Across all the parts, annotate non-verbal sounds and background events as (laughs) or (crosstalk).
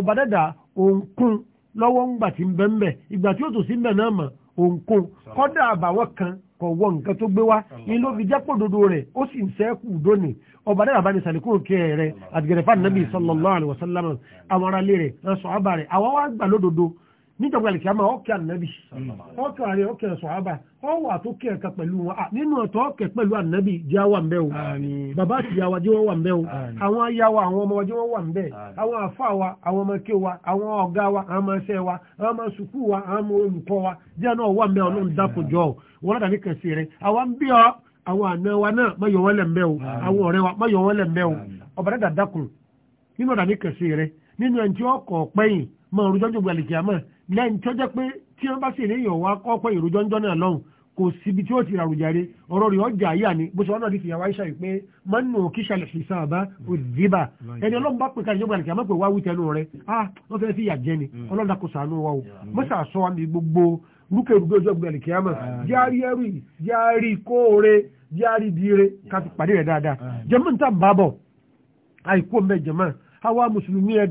ọba dẹ́dà òǹkún lọ́wọ́ ńgbà tí ń bẹ́ ńbẹ̀ ìgbà tí ó tò sí ńbẹ̀ náà mọ̀ òǹkún kọ́dà àbàwọ́ kan kọ̀ wọ nǹkan tó gbé wá ní ló fi jẹ́ pòdodo rẹ̀ ó sì ń sẹ́kù dóni ọba dẹ́rẹ́ àbáni sàlìkún kí ẹ rẹ àtìgẹ̀rẹ̀ fún anabi sallallahu alaihi wasallam àwọn aráalé rẹ̀ sọ àbá rẹ̀ àwọn wá gbà lódodo níjọba ìlẹ̀kí àmà ọ̀kẹ́ ànábì ọ̀kẹ́ ààrẹ ọ̀kẹ́ sọ̀hábà ọ̀wà tó kẹ́ ẹ̀ka pẹ̀lú wọn nínú ọ̀tọ̀ ọ̀kẹ́ pẹ̀lú ànábì jẹ́ wà ń bẹ́ o bàbá àti ìyàwó jẹ́ wọ́n wà ń bẹ́ o àwọn ayáwa àwọn ọmọ jẹ́ wọ́n wà ń bẹ́ àwọn àfa wa àwọn ọmọ ké wa àwọn ọ̀gá wa àwọn ọmọ ẹsẹ̀ wa àwọn ọmọ sùkú wa àwọn ọmọ olùkọ́ wa jẹ́ náà wà ń bẹ́ ọlọ́run dákòjọ́ wọn látàrí kẹsì rẹ àwọn bí ọ àwọn àna wa náà má yọ wọ́n lẹ̀ lẹ́yìn tó jẹ́ pé tí wọ́n bá sì ní èèyàn wá kọ́pọ̀ ìròjọ́ ń jọ́nà lọ́hùn kò síbi tí ó ti ràrùjàre ọ̀rọ̀ rẹ̀ ọjà yà ni bó ṣe wọ́n náà di fìyàwó Aisha yìí pé máa kí ṣàlẹ̀ fi sáà bá òdìbà ẹni ọlọ́run bá pè ká ìjọba àlùkí àmọ́ pé wá wí tẹnu rẹ ah wọ́n fẹ́ fi yà jẹ ni ọlọ́run dàkó sànú wa o mọ́sà sọ wa mi gbogbo lúkèrúgbó ọjọ́ gbogbo àlùkí àmọ́ járí ẹrù járí kóore járí dire ká fi pàdé rẹ̀ dáadáa jẹ́mọ́ níta bàbọ̀ àìkú mẹ́jẹ̀mọ́ àwa mùsùlùmí ẹ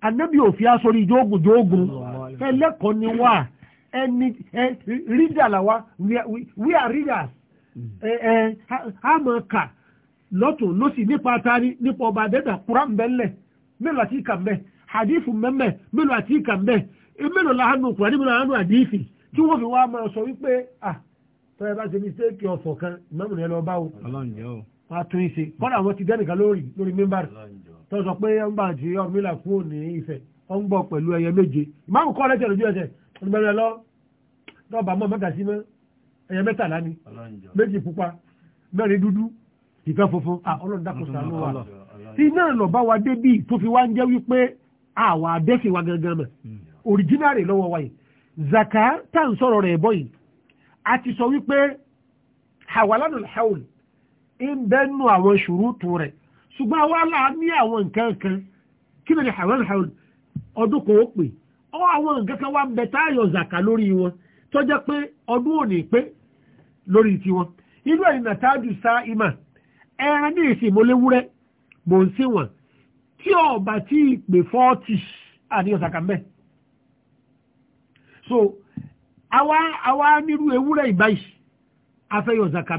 anábì òfin asorí jógun jógun ẹlẹ́kọ̀ọ́ ni wà ẹni rídà làwa we are readers àmọ́ hmm. kà lọtọ lọ́sì nípa atari nípa ọba àdẹ́dà kura ń bẹ́ ńlẹ̀ mélòó àti ìkà ń bẹ́ hadífù mẹ́mẹ́ mélòó àti ìkà ń bẹ́ mélòó làánú kúrá níbi ki àdífì tí fi wá máa sọ wípé ah àtúnṣe kọ́nà àwọn ti dẹ́nìkan lórí lórí mímbàrì tó sọ pé ń bá ti ọmọlá kú ní ìfẹ́ ọ ń gbọ́ pẹ̀lú ẹyẹ méje ìmáàmù kọ́ lẹ́jẹ̀ lójú ẹsẹ̀ ọ̀nùbẹ̀rẹ̀ lọ lọ́ọ̀bà mọ́ mẹ́ta sí ẹyẹ mẹ́tàlá ni méjì pupa mẹ́rin dúdú ìfẹ́ funfun ọlọ́run dákun ṣàánú wa iná lọ bá wa débì tó fi wá ń jẹ́ wípé àwa adẹ́sìn wa gangan mọ̀ òrìjínárì hmm. lọ́wọ́ wa yìí zaka tá à ń sọ̀rọ̀ rẹ̀ bọ́ yìí a ti sọ wípé hawalanul hawl ń bẹ́nu àwọn shuru rẹ̀ ṣùgbọ́n wá láà ní àwọn nǹkan kan kí ni àwọn ọdún kan ó pè ọ àwọn nǹkan kan wá ń bẹ táyọ̀ zàkà lórí wọn tó jẹ́ pé ọdún ò ní pé lórí tiwọn inú ẹ̀yìn nàtájú sá ìmà ẹran ní ìsìn ìmọ̀léwúrẹ́ e ń sí wọn tí ọba tí ìpè fọ́ọ̀tì àníyàn zàkà mẹ́ so àwa nírú ewúrẹ́ ìbáyìí afẹ́yọ̀ zàkà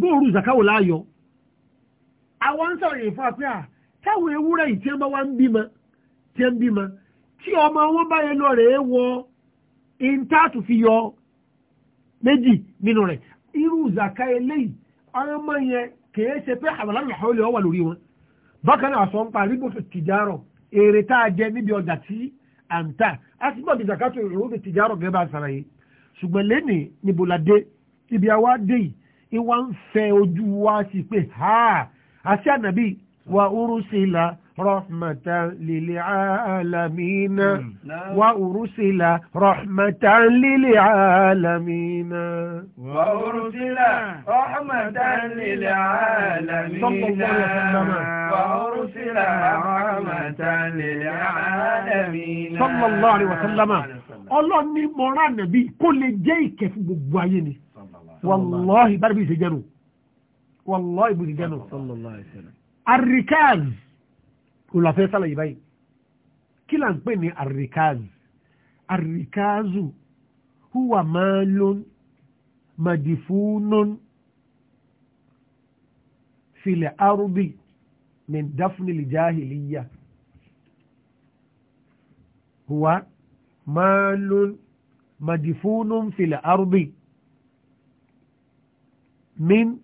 bóòrù zakawo láàyọ àwọn ń sọ̀rọ̀ ìfọ́ à táwọn ewúrẹ́ yìí tí wọ́n bá wá ń bímọ tí wọ́n bímọ tí ọmọ wọn bá yẹ lọ rẹ̀ wọ intaatu fi yọ méjì nínú rẹ̀ irú zaka eléyìí ọmọ ọmọ yẹn kìí ṣe pé àwọn aláǹlọ́hàn olè wà lórí wọn bákan náà sọ ń pa èrè tá a jẹ níbi ọjà tí à ìwà ń fẹ́ ojú wa sí pé ha àṣẹ ànàbí wa urusila rahmatan lil alamina hmm. wa urusila rahmatan lil alamina. wa urusila rahmatan lil alamina wa urusila rahmatan lil alamina. sallallahu alaihi wa sallama ọlọ́ni mọ̀rán kó lè jẹ́ ìkẹ́ gbogbo ayé ni wàlọ́hì bá níbi ìṣèjẹ́nu wàlọ́hì bí ìṣèjẹ́nu àríkáàzì olùfẹ́ sálàyé báyìí kí là ń pè ní àríkáàzì àríkáàzù húwà máa lón màdìfúnún filẹ̀ arúbí ní dáfúnilì jáhìlìyà húwà máa lón màdìfúnún filẹ̀ arúbí min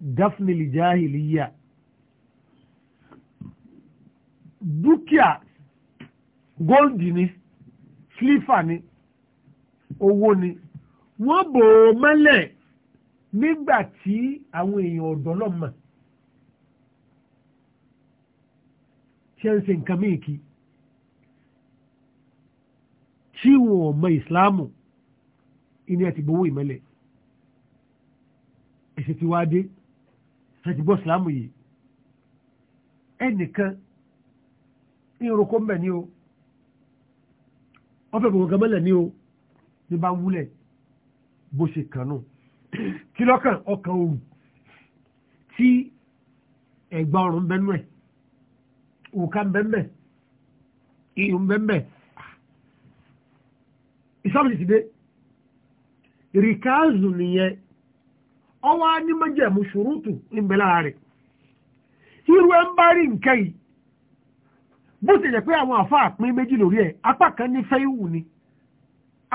dafni lijahiliya dúkìá góòdì ni flífà ni owó ni wọ́n bò ó mọ́lẹ̀ nígbà tí àwọn èèyàn ọ̀dọ́ náà mọ̀ ṣe ń ṣe nǹkan míì kí tí wọn ò ìsìláàmù ìní àti gbowó ìmọ́lẹ̀ ẹ̀sìn ti wá dé ẹ̀sìn gbọ́ sìlámù yìí ẹnìkan ní orúkọ mbẹ̀ ni o wọ́n gbogbo mẹ́lẹ̀ ni o ní bá wúlẹ̀ bó ṣe kàn nù kí lọ́kàn ọkàn òrù tí ẹ̀gbà ọ̀rùn bẹ́nu ẹ̀ òkà bẹ́ẹ̀ ìhùn bẹ́ẹ̀ ìsọ́mùsì ti dé ríkàzù nìyẹn ọwọ́ animanjem usoro tụrụ imbe lara rẹ̀ ịrụ ẹmbari nke yi bute jẹ pe afọ a pin meji lori ẹ apakan nife iwu ni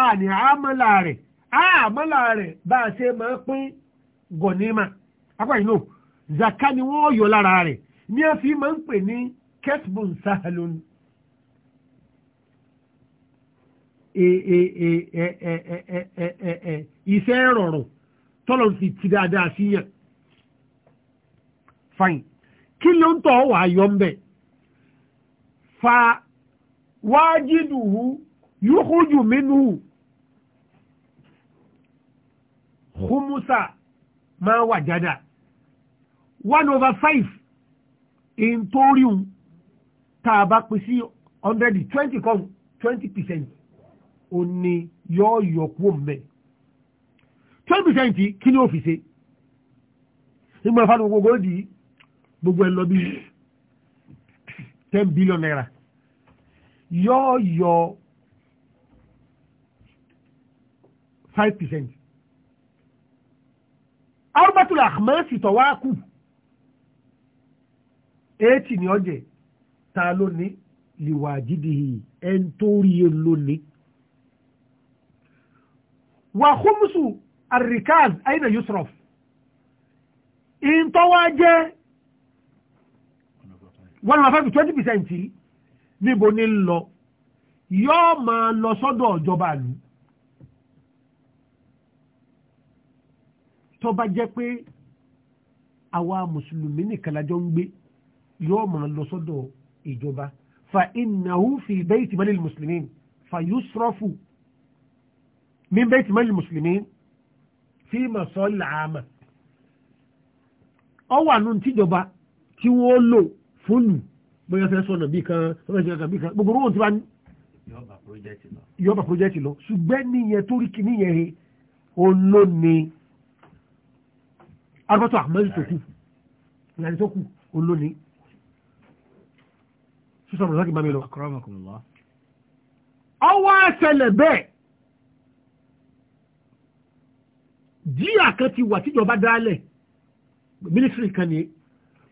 a ni a maara rẹ a se ma ọ pin gọnima akwai inu zakaniwon oyu lara rẹ ni a fi ma n pe ni ketbon saheloni ise rọrọ tọ́lọ̀ sì ti dáadáa sí yàn fine kí ló ń tọ́ wà yọ ń bẹ̀ fa wájídùú yúkújù mínú humusa máa wà jádà one over five in torium tá a bá pín sí hundred twenty kan twenty percent ò ní yọ mẹ́rin twenty percent kí ni ó fi ṣe nígbà fáwọn gbogbo ó gbogbo ẹ lọ bí ten billion naira yóò yọ five percent arbatul akhmasi tó wá kù eighty ni ọjẹ ta ló ní liwajidihi ẹn tó rí e lónìí wà khumsu àríkàz àìnà yusrof ìntọ́wá jẹ́ 1.5 20% níbo ní lọ yóò máa lọ sọ́dọ̀ ìjọba ìlú tó bá jẹ́ pé àwa mùsùlùmí nìkan lájọ ń gbé yóò máa lọ sọ́dọ̀ ìjọba fa innahu fi bayti malil muslimin fa yusrafu min bayti malil muslimin fíìmà sọ́ọ̀lá àmà ọwà nù tíjọba tí wọ́n lò fóònù bóyá fẹ́ sọ̀nà bí kan ọ̀rẹ́sìn kan bí kan gbogbo owó tí wọ́n yọba project lọ ṣùgbẹ́ níyẹn torí kí níyẹn he oló ni agbọ́tọ̀ àmọ́sí tó kù ìyàtí tó kù oló ni sísọ̀rọ̀ lọ́kì bá mi lọ. ọwọ́ àṣẹlẹ̀ bẹ́ẹ̀ díà kan ti wà tíjọba dálẹ̀ mínísírì kan ní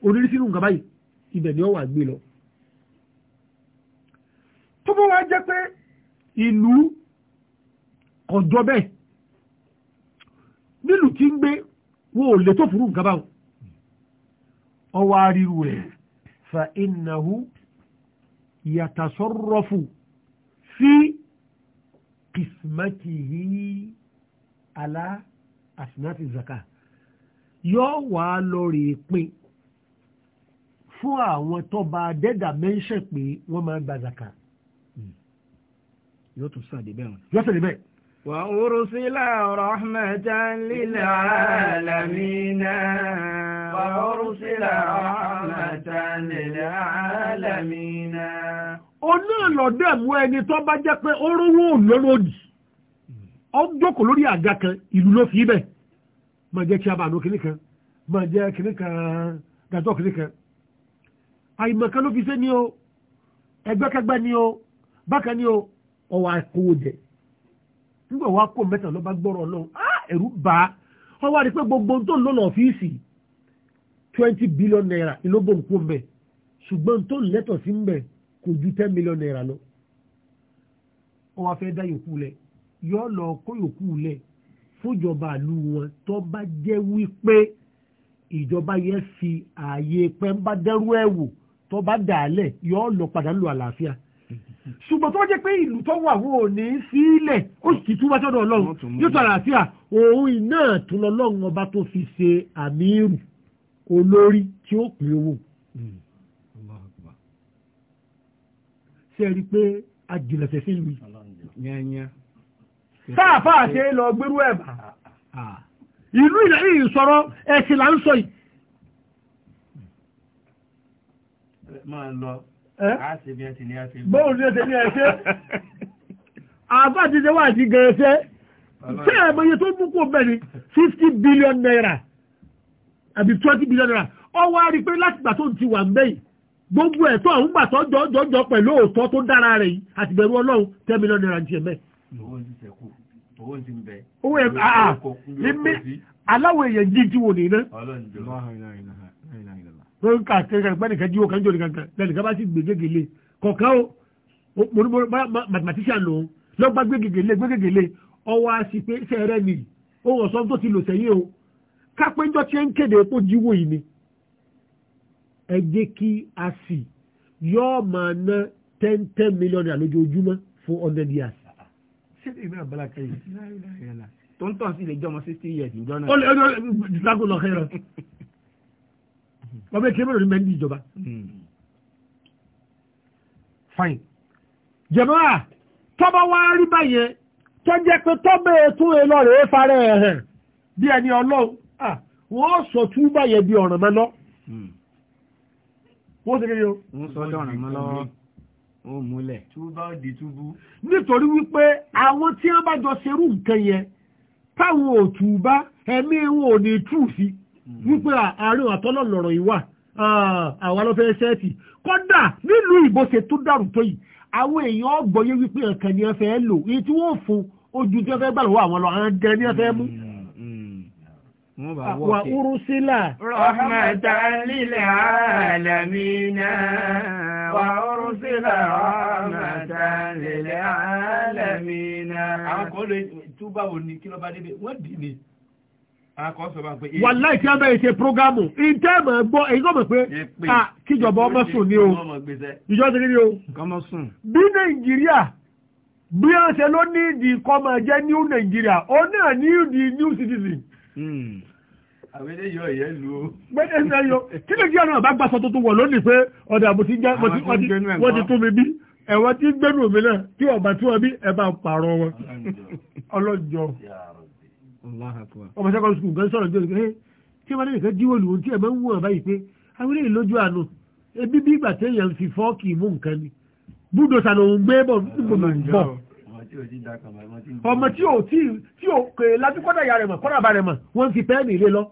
oríṣiríṣi nǹkan báyìí ibẹ̀ ni ó wà gbé lọ. tó bó wá jẹ́ pé ìlú ọ̀dọ́ bẹ́ẹ̀ nílùú tí ń gbé wọn ò lè tó fúrú nǹkan báwọn ọwọ́ aríru rẹ̀ fa innahu yàtàsọ́rọ̀fù sí kìsìmọ́tì alá àsìnáàtì zaka yóò wà á lọ rè pin fún àwọn tọba adẹ́dà mẹ́ńṣẹ̀ pé wọ́n máa ń gba zaka hmm. yóò tún sàdé bẹ́ẹ̀ yóò sàdé bẹ́ẹ̀. وأرسل رحمة للعالمين وأرسل رحمة للعالمين ọ̀nà lọ́dẹ̀ mú ẹni tó bá jẹ́ pé ó rówó òun lọ́rọ̀ òdì hmm. ó jókòó lórí àga kan ìlú ló fi bẹ́ẹ̀ máa jẹ́ kí a máa lo kìnnì kan máa jẹ́ kìnnì kan dàtọ́ kìnnì kan ló fi ṣe ni o ẹgbẹ́kẹgbẹ́ ni o bákan ni o ọwọ́ àkówó jẹ nígbà wàá kó mẹ́ta ah, gbogbo tó ń lọ twenty billion mbẹ ṣùgbọ́n tó mbẹ kò ju ten million naira lọ ọwọ́ afẹ́ dá yòókù yọ lọ fúnjọba ìlú wọn tó bá jẹ́ wípé ìjọba yẹn fi ààyè pẹ́ńbá dẹ́rú ẹ̀ wò tó bá dà á lẹ̀ yóò lọ padà lù àlàáfíà ṣùgbọ́n tó wá jẹ́ pé ìlú tó wà wò ní sílẹ̀ ó sì tún wá sọ́dọ̀ ọlọ́run yóò tọ́ àlàáfíà òun iná tó lọ́lọ́run ọba tó fi ṣe àmírù olórí tí ó pè owó. ṣe é rí i pé ajìnlẹ̀sẹ̀ sí ìlú yìí. sáàfà àṣẹ lọ gbérú ẹ̀bà ìlú ilẹ̀ yìí sọ̀rọ̀ ẹ̀sìn là ń sọ yìí. bóun ní ẹsẹ̀ ẹsẹ̀ ti ṣe tí ẹ̀mọye tó ni fifty billion naira àbí twenty billion naira ọwọ́ a rí i pé tó ti wà ń bẹ́yìí gbogbo ẹ̀tọ́ àwọn gbà tó pẹ̀lú òótọ́ tó dára rẹ̀ yìí ọlọ́run ten million naira ti owó ti ń bẹ. owó ẹ aa ẹmí aláwọ̀ èèyàn jí ti wò ní iná. lórí ká kẹ́kẹ́ pẹ́ nìkan jíwó kan jò nìkan kan lẹ́nìkan bá sì gbègége lé kọ̀ọ̀kan o mathematician lòun lọ́gbà gbégége lé gbégége lé ọwọ́ a sì pé sẹ́rẹ́ nìyí ohun ọ̀sán tó ti lò sẹ́yìn o kápẹ́njọ́ tí ń kéde epo jíwò yìí ni ẹ jẹ́ kí a sì yọ́ máa ná ten ten million naira lójoojúmọ́ fún hundred years ṣé èmi àbálá kẹyì tó ń tàn sí ilé jọmọ sixty years ìjọ náà. ó lè ọjọ́ ìdáko lọ kẹrọ wọ́n bẹ kí ẹgbẹ́ lórí bẹ́ẹ̀ ní ìjọba. Hmm. fine jẹ̀mọ́ra tọ́ba wá rí báyẹn tó jẹ́ pé tọ́ba ètò èlò rẹ̀ farẹ́ ẹ̀ hàn bí ẹni ọlọ́run wọ́n sọ tú báyẹn bí hmm. o. wọ́n sọ ọ́ dọ̀ràn Oh múlẹ̀. túbá ó di túbú. nítorí wípé àwọn tí wọ́n bá jọ ṣerú nǹkan yẹn táwọn ò túbá ẹ̀mí wọn ò ní tú sí hmm. wípé àárín àtọ́lọ̀ lọ̀rọ̀ yìí wà àwa ló fẹ́ sẹ́ẹ̀tì kódà nílùú ìbò ṣe tó dàrú tó yìí àwọn èèyàn ọgbọ̀nyé wípé ọ̀kan ni wọ́n fẹ́ lò èyí tí wọ́n fún ojú tí wọ́n fẹ́ gbà lọ́wọ́ àwọn lọ àwọn gẹ ni wọ́n fẹ́ mú. Hmm, hmm. Wa urusila. Rahmatan lil alamina. Wa أرسل رحمة للعالمين àwọn kan lè túbà òní kí ló bá débẹ̀ wọ́n dì ní àwọn sọ bá pé. wàláì tí a bẹ̀rẹ̀ ṣe prógámù ìtẹ́ mọ̀ gbọ́ èyí kò mọ̀ pé ah, kíjọba ọmọ sùn ni o ìjọ ti rí o. kọ́mọ sùn. bí nàìjíríà bí wọ́n ṣe ló ní ìdí kọ́mọ jẹ́ new nàìjíríà ó náà ní ìdí new citizen. Hmm àwọn ilé yọ ìyẹ́ lu o. gbẹ́dẹ̀ ń yọ kí ló jẹ́ ọ̀nà bá gbàsọ tuntun wọ̀ lónìí pé ọ̀dà mo ti jẹ́ wọ́n ti tún mi bí ẹ̀wọ́n ti gbẹ́nu mi náà tí ọ̀bà tí wọ́n bí ẹ̀ bá pààrọ̀ wọn. ọlọ́jọ́ ọmọ sẹ́kọ̀ọ́ sùkùl gan sọ̀rọ̀ jẹ́ ẹ tí wọ́n nìkan jíwò lù tí ẹ̀ máa ń wọ̀n báyìí pé àwọn ilé ìlójú àánú ebi bí ìgbà téèyàn fi fọ́ọ̀kì mú nǹkan ni búdò sànà òun gbé bọ̀ bọ̀ ọmọ tí ò tí ò kè látúkọ́dà ìyá rẹ̀ mọ̀ kọ́dà bá rẹ̀ mọ̀ wọ́n fi pẹ́ẹ́nì ilé lọ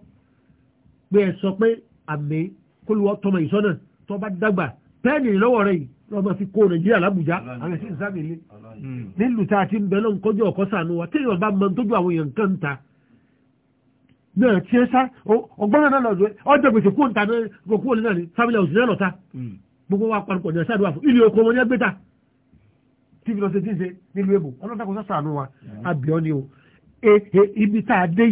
pé ẹ sọ pé àmì kólúwọ́ tọmọ ìsọ́nà tó bá dàgbà pẹ́ẹ́nì lọ́wọ́ rẹ̀ yìí lọ́mọ fi kó nàìjíríà lábùjá àwọn ẹ̀sìn ìsámìlẹ̀ hmm. nílùú tá a ti ń bẹ lọ́n kọjú ọ̀kọ́ sànú wa téèyàn bá mọ tójú àwọn èèyàn kan ta náà tí ẹ sá ọgbọ́n náà lọ́dọ̀ ọjọ́ gbèsè kó nta náà kó lè náà ní fámìlì òṣìṣẹ́ lọ́ta gbogbo wa parukọ̀ ní ẹ̀sádùn àfọ ilé oko wọn ní ẹgbẹ́ta tí fi lọ sí tíṣe nílùú èbò ọlọ́dàkọ̀ sànú wa hmm. àbíọ́ ni o ibi tá a dé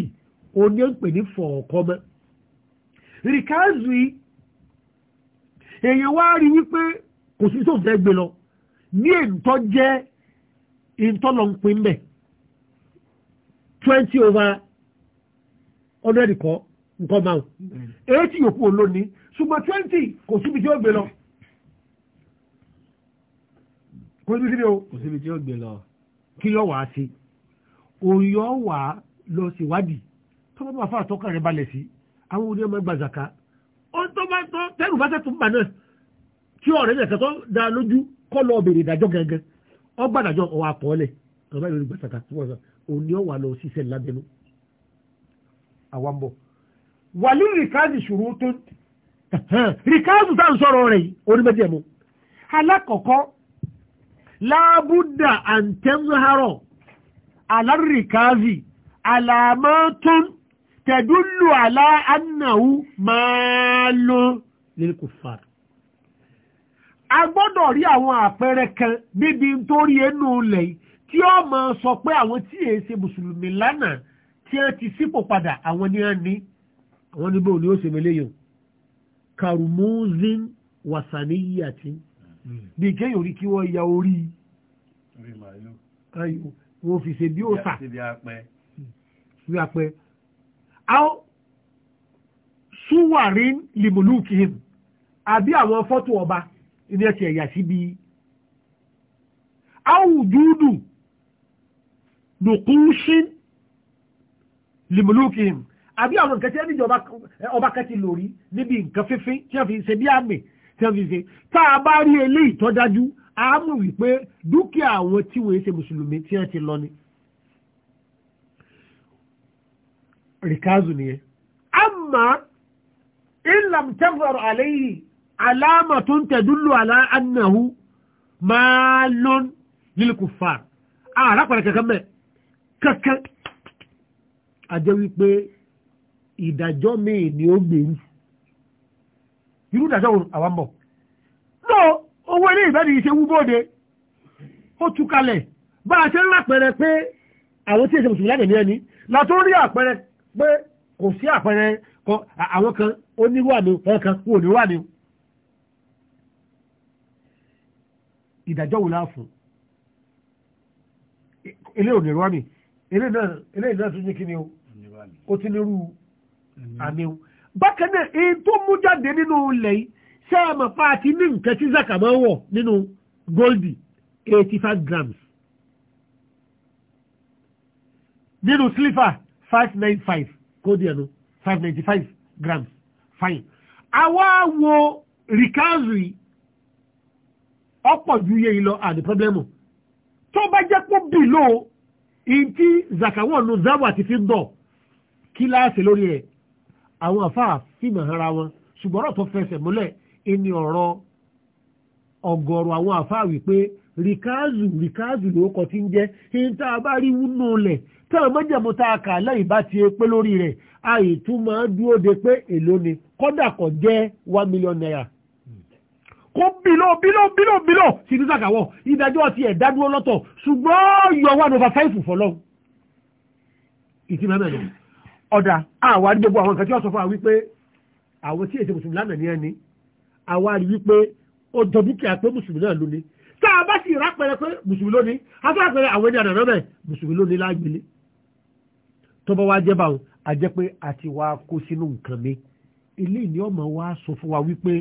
ríkáàzù yìí èèyàn wá rí wípé kò sí tó fẹ́ gbé lọ ní èntọ́ jẹ́ èntọ́ lọ ń pin bẹ̀ twenty over hundred kọ́ nǹkan máa eighty yòókù olóni ṣùgbọ́n twenty kò síbi tí ó gbé lọ kò síbi tí ó gbé lọ kí ló wàá sí òun yóò lọ síwádìí tó bá bá fà tọ́kàn rẹ̀ balẹ̀ sí i àwọn oní ọmọ gbàzàká ó tó bá tó tẹ́rù bá tẹ́tù bà náà tí ọ̀rẹ́ yẹn kẹtọ́ da lójú kọ́ lọ bèrè ìdájọ́ gẹ́gẹ́ ọgbà ìdájọ́ ọwọ́ àpọ̀ọ́lẹ̀ ọba ìlú gbàzàká tí wọ́n sọ òní ọ̀wà lọ síṣẹ́ lábẹ́nu àwọn bọ̀ wàlí rìkáàzì ṣòro tó rìkáàzì tá ń sọ̀rọ̀ rẹ̀ onímọ̀díẹ̀mú alákọ̀ọ́kọ́ láàbùdà àǹtẹ̀mùhárọ̀ alárìkáàzì àlàmọ́tún tẹ̀dúlù àlá annahu máa lọ lilkufar a gbọ́dọ̀ rí àwọn àpẹẹrẹ kan níbi nítorí ẹnu ilẹ̀ tí ó máa sọ pé àwọn tí èé ṣe mùsùlùmí lánàá tí a ti sípò padà àwọn ni a ní àwọn níbo ni ó ṣe mẹ́lẹ́yìn karmuzin wasaniyati hmm. bí kéyàn orí kí wọ́n ya orí wọ́n fi ṣe bí ó sà àwọn súwàrín lìmùlùkìhìm àbí àwọn fọ́tò ọba ní ẹ̀sẹ̀ ẹ̀yà síbi àwùjúdù nùkúṣín lìmùlùkìhìm àbí àwọn nǹkan tí ẹni ọba kẹtì lórí níbi nǹkan fífín tí wọ́n fi ṣe bí àmì tí wọ́n fi ṣe tá a bá rí eléyìí tó dájú wípé dúkìá àwọn tí wọ́n ṣe mùsùlùmí tí wọ́n ti lọ ni. ríkázù nìyẹn amma ilam tẹ́fọ̀rọ̀ aléyìí alamatun tẹ̀dúlù aláàánáhu máa lọ́n lílùkùfà àràpàdà kankan mẹ́ kankan ajẹ́ wípé ìdájọ́ míì ni ó gbèrú irú ìdájọ́ àwọn mọ̀ lọ owó ilé ìbẹ́ni ìṣe wúbọ́de ó túkalẹ̀ bá a ṣe ń lápẹẹrẹ pé àwọn tí èsè mùsùlùmí láti ní ẹni látó rí àpẹẹrẹ pé kò sí àpẹẹrẹ àwọn kan onírú àmì wọn kan kú onírú àmì ìdájọ́ wò láàfún ilé onírú àmì ilé náà tún ní kí ni o ó ti nírú àmì o bákan náà èyí tó mú jáde nínú ilẹ̀ yìí ṣé àmà pa àti ní nǹkan tí zaka máa ń wọ̀ nínú goldi eighty five grams nínú sliver five nine five kóòdù ẹ̀ nu five ninety five grams fine àwa wo recovery. yìí ọ̀pọ̀ ju iye yìí lọ àdì pọ́blẹ́mù tó bá jẹ́ pọ́ bìlò ìntí zakawọ́n nu zawa ti fi ń dọ̀ kíláàsì lórí ẹ̀ àwọn àfáà fìmọ̀ ara wọn ṣùgbọ́n ọ̀rọ̀ tó fẹsẹ̀ múlẹ̀ ẹni ọ̀rọ̀ ọ̀gọ̀ọ̀rọ̀ àwọn àfáà wípé ríkáàzù ríkáàzù ló kọ tí ń jẹ́ ẹni tá a bá rí wúnú lẹ̀ tá a mọ́jẹ̀mú tá a kà lẹ́yìn bá ti pé lórí rẹ̀ àyè tún máa dúró de pé èló ni kọ́dà kọ́ jẹ́ one million naira kó bílò bílò bílò bílò sí ní sàkàwọ̀ ìdájọ́ ti ẹ̀ dádúró lọ́tọ̀ ṣùgbọ́n yọ one over five fọlọ́ ìtìmọ̀ mẹ́rin ọ̀dà àwa ní gbogbo àwọn nǹkan tí wọ́n sọ fún wa wípé àwọn tí èsì mùsùlùmí lánàá ní ẹni àwa rí wípé ó dúkìá pé mùsùlùmí náà lónìí tá a bá sì rà pẹ̀rẹ̀ pé mùsùlùmí lónìí afẹ́rẹ́ pẹ̀rẹ̀ àwọn ènìyàn rẹ̀ bẹ́ẹ̀ mùsùlùmí lónìí lágbélé tọ́bọ̀ wá jẹ́ báwọn a jẹ́ pé a ti wá kó sínú nǹkan mi ilé ìní ọmọ wa sọ fún wa wípé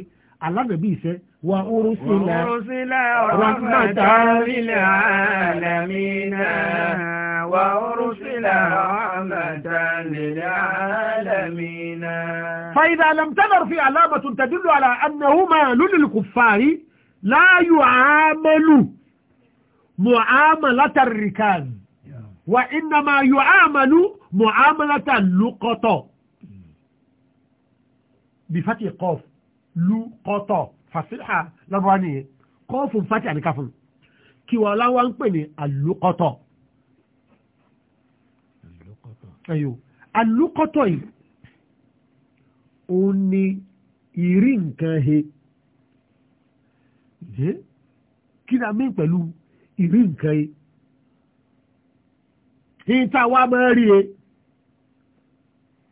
alánàbí ìṣe wa orúsílẹ̀ rahmatan lil alamina wa orúsílẹ̀ rahmatan lil alamina. fa idha lam tadhar fi alamatun tadullu ala annahu malun lil kuffari láàyò àámọ́lù mọ̀ àámọ́ látàríkàn wà iná máa yọ àámọ́lù mọ̀ àámọ́ látàlúkọ́tọ̀ bí fàtí kọf lúkọ́tọ̀ fàṣíhà lọ́bọ̀ nìyẹn kọfún fàtí àníkà fún kí wọ́n láwá ń pè ní àlúkọ́tọ̀ àlúkọ́tọ̀ yìí ó ní ìrí nǹkan he. Eh? kí ni a mí pẹ̀lú ìrí nǹkan yìí ní tá a wá máa rí e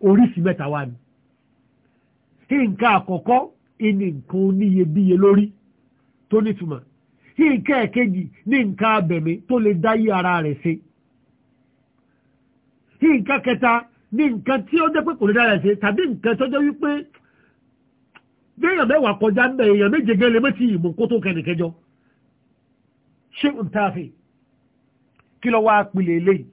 oríṣi mẹ́ta wá ni nǹkan àkọ́kọ́ ní nǹkan oníyebíye lórí tó nítumọ̀ nǹkan ẹ̀kejì ní nǹkan abẹ̀mí tó lè dáyé ara rẹ̀ ṣe nǹkan kẹta ní nǹkan tí ó jẹ́ pé kò lè dára ṣe tàbí nǹkan tó jẹ́ wípé béèyàn mẹ́wàá kọjá náà èèyàn méje gẹ́lẹ́ méjì ìmọ̀ kó tó kẹ́nìkẹ́jọ ṣé n ta fi kí lọ wá pilẹ̀ eléyìí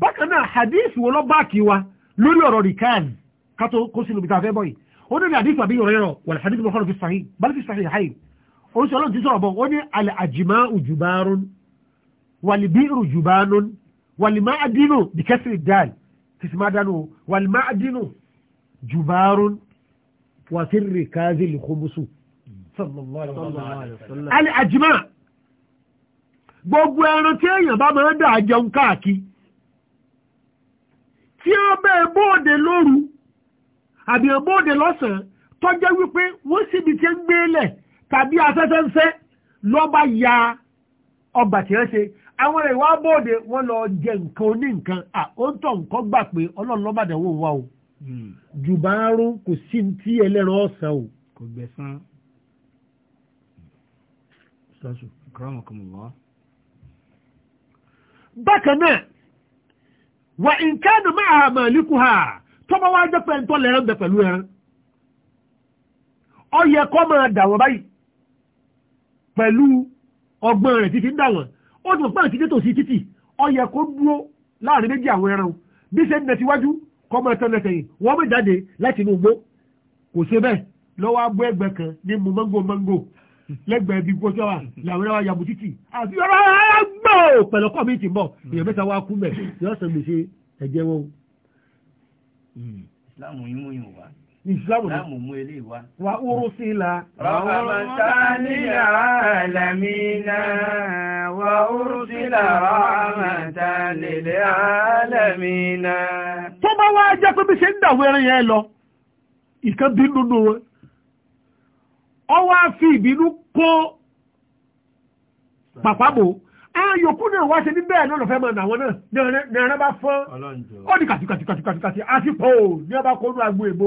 bákan náà hadith wo lọ báàkì wa lórí ọ̀rọ̀ rìkáàlì kátó kó sínú ibi tá a fẹ́ bọ̀ yìí ó ní hadith àbí yọ̀rọ̀ yọ̀rọ̀ wàlẹ̀ hadith mọ̀ kọ́nà fi sahih bal fi sahih hayy oríṣi ọlọ́run ti sọ̀rọ̀ bọ̀ ó ní al ajma'u jubarun wal bi'ru jubanun wal ma'adinu bi kasri dal tìsí má dánú wal ma'adinu jubarun وفي الركاز الخبز صلى الله عليه وسلم الأجماع gbogbo ẹran tí èèyàn bá máa dà jẹun káàkiri tí ó bẹ́ẹ̀ bóòdè lóru àbí bóòdè lọ́sàn-án tó wípé wọ́n síbi tí ń gbélẹ̀ tàbí afẹ́fẹ́ ń fẹ́ lọ́ba ya ọgbà tí wọ́n ṣe àwọn rẹ̀ wá wọ́n lọ jẹ nǹkan oní nǹkan à ó ń tọ̀ nǹkan gbà pé ọlọ́run lọ́bàdàn wò wá o. Hmm. jùbárún kò sí tí ẹlẹ́ran ọ̀sán o. kò gbẹ̀sán ṣáṣù kọ́rọ̀mù kọ́mù lọ. bákan náà wà nkánu máa màlíkù ha tọ́mọ wá jẹ́ pẹ̀ntọ́ lẹ́rán bẹ pẹ̀lú ẹran ọ yẹ kọ́ máa dà wọ́n báyìí pẹ̀lú ọgbọ́n rẹ̀ títí ń dà wọ́n ó ti mọ̀ pẹ́ẹ́n ti dé tòsí títì ọ yẹ kó dúró láàrin méjì àwọn ẹran bí ṣe ń nẹ síwájú kọ́mọ tẹ́lẹ̀tẹ̀ yìí wọ́n mọ̀ jáde láti inú igbó kò ṣe bẹ́ẹ̀ lọ́wọ́ abú ẹgbẹ́ kan ní mu mango mango lẹ́gbẹ̀ẹ́ bí gbọ́sọ́ wa làwọn ẹwà yàgò títì àti ọ̀rọ̀ àgbọ̀ pẹ̀lú kọ́ mi ti bọ̀ èèyàn mẹ́ta wá kú mẹ́ yọ sọ mi ṣe ẹ̀jẹ̀ wọn. Hmm. Islam yín mú yín wá ìsìláàmù ní mú ilé Wa wà oòrùn sí ilá rọ̀mọ̀tánì àlàmìnà wà oòrùn sí ilá rọ̀mọ̀tánì àlàmìnà tó bá wá jẹ́ pé bí ṣe ń dàwó ẹran yẹn lọ ìkan bí nínú wọn ọ wá fi ìbínú kó pàpàbò ayòkú náà wá ṣe ní bẹ́ẹ̀ náà lọ́fẹ́ mọ̀ àwọn náà ní ẹran bá fọ́n ó ní kàtìkàtìkàtìkàtì àti pọ̀ ní ọba kó nú agbó ègbó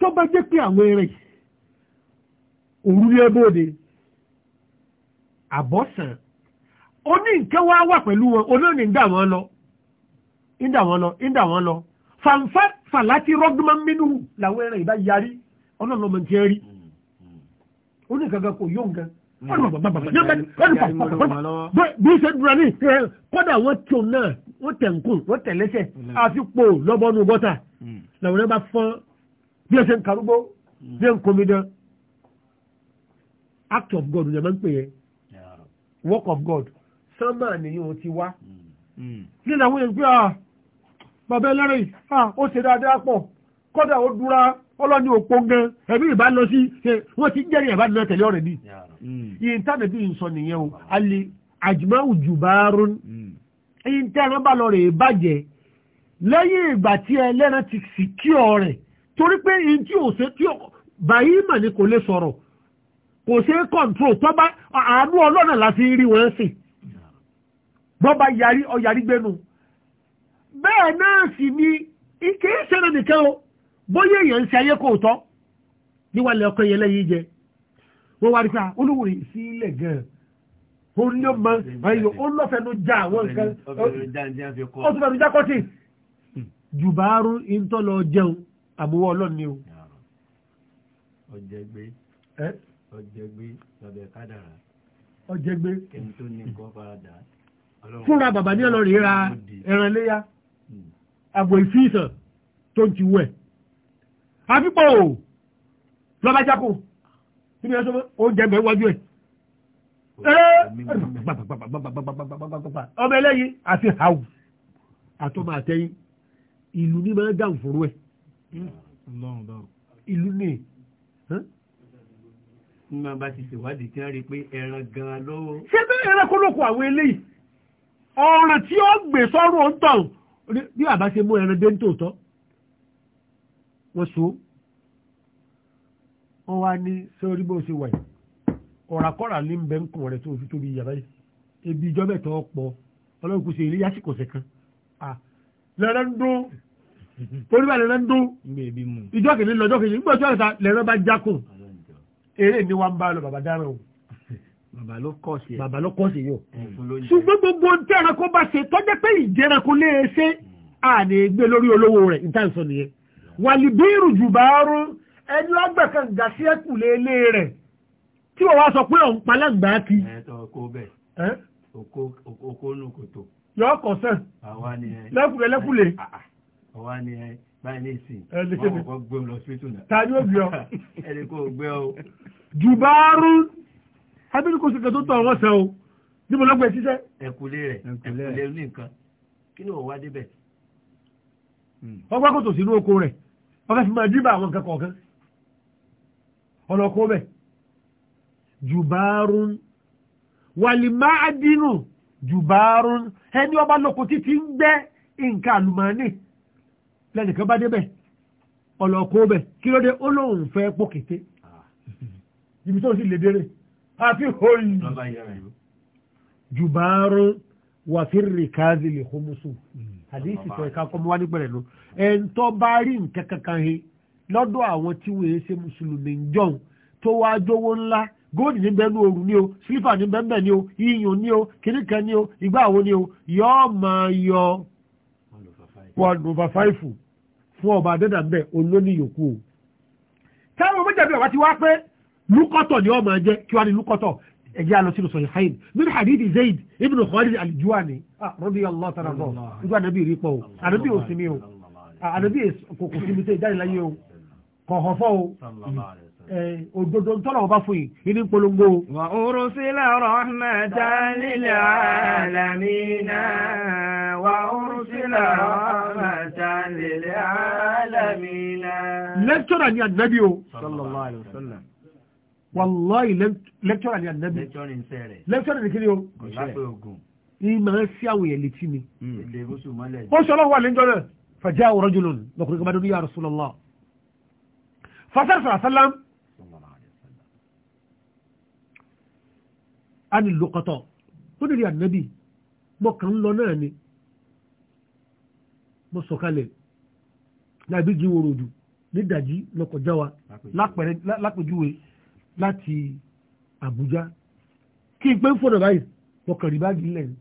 tó bá jẹ́ pé àwọn erin òrùlé bóde àbọ̀sán ó ní nǹkan wá wà pẹ̀lú wọn olóòní ń dà wọ́n lọ ń dà wọ́n lọ ń dà wọ́n lọ fàǹfà fàlàtí rọ́gbọ́n mínú làwọn erin ìbá yarí ọlọ́run ọmọ ti rí ó ní kankan kò yóò nǹkan bí ṣe dúra ní kọ́dà wọ́n tó náà wọ́n tẹ̀ ń kù wọ́n tẹ̀ lẹ́sẹ̀ àfi pò lọ́bọ́nú gọ́tà làwọn ẹ̀ bá fọ́n bí ẹ ṣe ń karúgbó bí ẹ ń komidan act of God ni ẹ máa ń pè yẹn work of God sánmà nìyí o ti wá nílẹ̀ àwọn èèyàn pé ah, bàbá ẹlẹ́rìí ah, ó ṣe dáadáa pọ̀ kódà ó dúra ọlọ́ni òpó gan ẹ̀mí ìbá lọ sí wọ́n ti jẹ́rìí ẹ̀bá nínú tẹ̀lé ọ̀rẹ́ bí ìntànà bí n sọ nìyẹn o àlè àjùmáwù jù bá rún ìntànà hmm. bá lọ rè bàjẹ́ lẹ́yìn ìgbà tí ẹlẹ́ran ti sì kí torí pé in tí ò ṣe tí ò báyìí mà ní kò lè sọ̀rọ̀ kò ṣe é control tó bá àánú ọlọ́nà láti rí wọn sí bọ́ bá yarí ọ̀yarí gbénu bẹ́ẹ̀ náà sì ni ike ìṣẹ̀lẹ̀ nìkan o bóyá èèyàn ń ṣe ayé kò tọ́ níwàlẹ̀ ọkọ̀ yẹn lẹ́yìn jẹ wọ́n wá rí sá ah, olúwòrì sílẹ̀ gan-an ó ní ó máa ayò ó lọ́fẹ̀ẹ́nu já àwọn nǹkan ọ̀tún fẹ́nu já kọ́tì hmm. jùbárù ìtọ́lọ jẹun àbúwọ́ ọlọ́run ni o. ọ̀jẹ̀gbé ọ̀jẹ̀gbé lọ́bẹ̀ kádàrá. ọ̀jẹ̀gbé. ẹni tó ní nǹkan farada. fúnra bàbá ní ọlọ́run ra ẹran léyà hmm. àgbò ìfíìsàn tó ń ti wẹ̀. àfipọ̀ o lọ́ba jápò nínú ẹ̀sọ́ oúnjẹ bẹ̀ wájú ẹ̀. ọmọ ẹlẹ́yin àti hàù àtọ́mọ àtẹ́yìn ìlú ní máa ń dáhùn fòrú ẹ̀ ìlú lè máa bá ti ṣèwádìí tí wọ́n rí pé ẹran gan-an lọ́wọ́. ṣé bẹ́ẹ̀ ẹran kó lóko àwọn eléyìí ọ̀ràn tí ó gbé sọ́rùn ń tàn bí àbá ṣe mú ẹran dé ní tòótọ́ wọ́n so wọ́n wá ní sórí bó ṣe wà yìí ọ̀ràkọ́rà ní ń bẹ ń kùn rẹ̀ tó fi tóbi ìyàbá yìí ebi ìjọ́ mẹ́tọ́ pọ̀ ọlọ́run kò ṣe ilé yásìkò ṣẹ̀kan lẹ́rẹ́ ń dún torí bá lẹ́rẹ́ ń dún ìjọ kìíní lọ́jọ́ kejì nígbà tí wọ́n ta lẹ́rẹ́ bá jákùn eré ni wọ́n bá lọ bàbá dára o. (laughs) bàbá ló kọ́ sí bàbá ló kọ́ sí yóò. ṣùgbọ́n gbogbo tí ẹranko bá ṣe tọ́jẹ́ pé ìjẹranko lè ṣe àní gbé lórí olówó rẹ̀ níta ìsọ nìyẹn. wàlìbírù jù bá rú ẹni ọgbà kan gà sí ẹkù lélé rẹ̀ tí wọ́n wá sọ pé òun palágbá kí. ẹ tọ́ oko bẹ́ẹ̀ oko oko nù kòtò. yọ ọkọ̀ sẹ́ẹ̀ lẹ́kùlẹ̀ lẹ́kùlẹ̀. Ah, ah, ah ọwá ni ẹ báyìí ní ìsìn wọn kò gbé ọ lọ sí ìtùnà. ta ni ó gbé ọ. (laughs) ẹni kò gbé ọ. jùbárù abínú kò sèkè tó tọ ọwọ́ sẹ o níbo lọgbẹ ṣiṣẹ. ẹkùlé rẹ ẹkùlé ní nǹkan kí ni òwá débẹ̀. ọgbà hmm. kò tò sínú oko rẹ ọgbà fi máa dìbò àwọn nǹkan kọ̀ọ̀kan ọlọ́kọ́ bẹ̀ jùbárù wàlìmáàdínù jùbárù ẹni ọba lóko títí ń gbẹ́ nǹkan àlùmọ́ọ́nì lẹ́yìn kan bá débẹ̀ ọ̀lọ́kọ́ bẹ̀ kí ló dé ó lóun fẹ́ pò kété ah. ibi tó ń sì lè dérè àfi hóyì jùbárún wàfíìrì káàzì lè hómùsù àdéhìsì sọ ìka kọ́mọ wá nígbẹ̀rẹ̀ lọ ẹ̀ ń tọ́ bá rí nǹkan kankan he lọ́dọ̀ àwọn tí wọ́n ṣe mùsùlùmí jọ̀hún tó wáá jówó ńlá góòdì ní ní òru ní o sílífà ní bẹ́ẹ̀ ní o iyùn ní o kìnnìkan ní o ìgbà wo ní o yọ́ọ́ máa yọ one over five fún ọba adẹ́dà bẹ́ẹ̀ olóní yòókù o. táwọn méjèèjì ọba ti wá pé lúkọ́tọ̀ ni ọmọ ẹjẹ́ kí wọ́n ní lúkọ́tọ̀ ẹjẹ́ alọ sínú sọ̀yìn haid nínú hadith zayd ibn khalid al-juwani ah, radiyallahu ta'ala bọ̀ nígbà nàbí rí pọ̀ o àdàbí òsínmi o ah, àdàbí kòkòsínmi tẹ́ ìdánilá yẹ o kọ̀ọ̀fọ́ o òdodo tọ́lọ̀ ọba fún yìí ní polongo. wà ursila rahmatan lil alamina wà ursila rahmatan lil alamina. lẹ́kítọ́rà ni ànábì o. sallallahu alaihi wasallam. wàláì lẹ́kítọ́rà ni ànábì. lẹ́kítọ́rà ni sẹ́rẹ̀. lẹ́kítọ́rà ni o. kò ogun. ìmọ̀ ẹ sí àwòyẹ létí mi. Hmm, ó sọ ọlọ́run wà ani lókọtọ̀ ó nílé ànábì mọ́ kàn lọ náà ni mọ́ sọ̀kalẹ̀ láàbí jí wòrò dù ní dàjí lọ́kọjá wa lápẹjúwe láti Àbújá kí n pé ń fọ̀nà báyìí mọ́ kàn rí báàgì ńlẹ̀ ni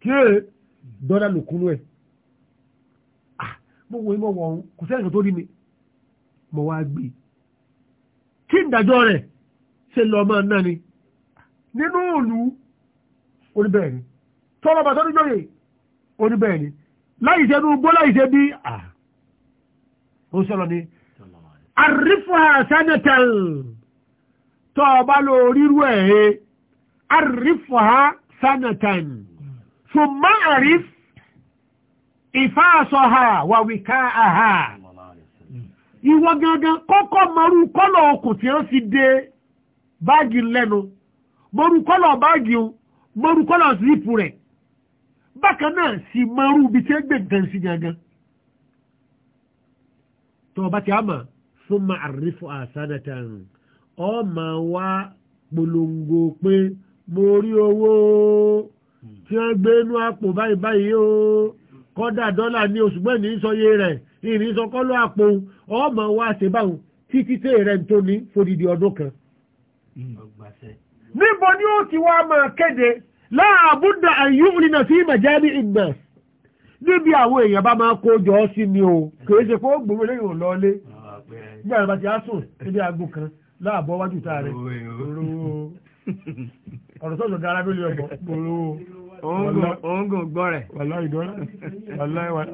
kí ẹ dọ́là lòkúnú ẹ̀ ah, mo wo imọ̀ wọ̀n kò sẹ́yìn tó rí mi mo wá gbé kí ìdájọ́ rẹ̀ ṣe lọ́ọ́ máa ná ni nínú ìlú oníbẹ̀ẹ̀ni tọ́lọ́bà tó níjọ́yè oníbẹ̀ẹ̀ni láìṣẹ́ ní ugbó láìṣẹ́ bí à ó sọ́lọ́ ni àrífà sẹ́nẹ̀tẹ̀l tọ́ ọba ló rírú ẹ̀ àrífà sẹ́nẹ̀tẹ̀l fún márif ìfáàsọ̀hà wà wíká àhà ìwọ gangan kọ́kọ́ marú kọ́lọ̀ okùn tí wọ́n fi dé báàgì lẹ́nu mọ́rú kọ́lọ̀ báàgì o mọ́rú kọ́lọ̀ síìpù rẹ̀ bákan náà sì mọ́rú ibi tí ó gbé nǹkan sí gangan tó ọba ti àmà fún ma àrífọ́ àsánàtà ọ máa wá polongo pé mo rí owó tí wọ́n gbé inú àpò báyìí báyìí o kọ́dà dọ́là ní oṣù gbẹ́ni ìsọyé rẹ̀ ìrìnsọkọ́lọ́ àpò ọ máa wá ṣe báwọn títí tẹ́ rẹ̀ tó ní fòdìdí ọdún kan. ọgbàṣẹ́ níbo ni ó ti wá máa kéde láàbúdà àyúmùlì náà sí ìmọ̀jẹ́ ní ìgbà níbi àwọn èèyàn bá máa kó jọ sí ni o kìí ṣe fún ògbòrò lẹ́yìn ò lọlé bí àrùn bá ti ásùn níbi àgbo kan láàbọ̀ wájú ta rẹ̀ ọ̀rọ̀ sọ̀tọ̀ gara lórí ọ̀bọ̀ gbòòrò oògùn gbọ́ rẹ̀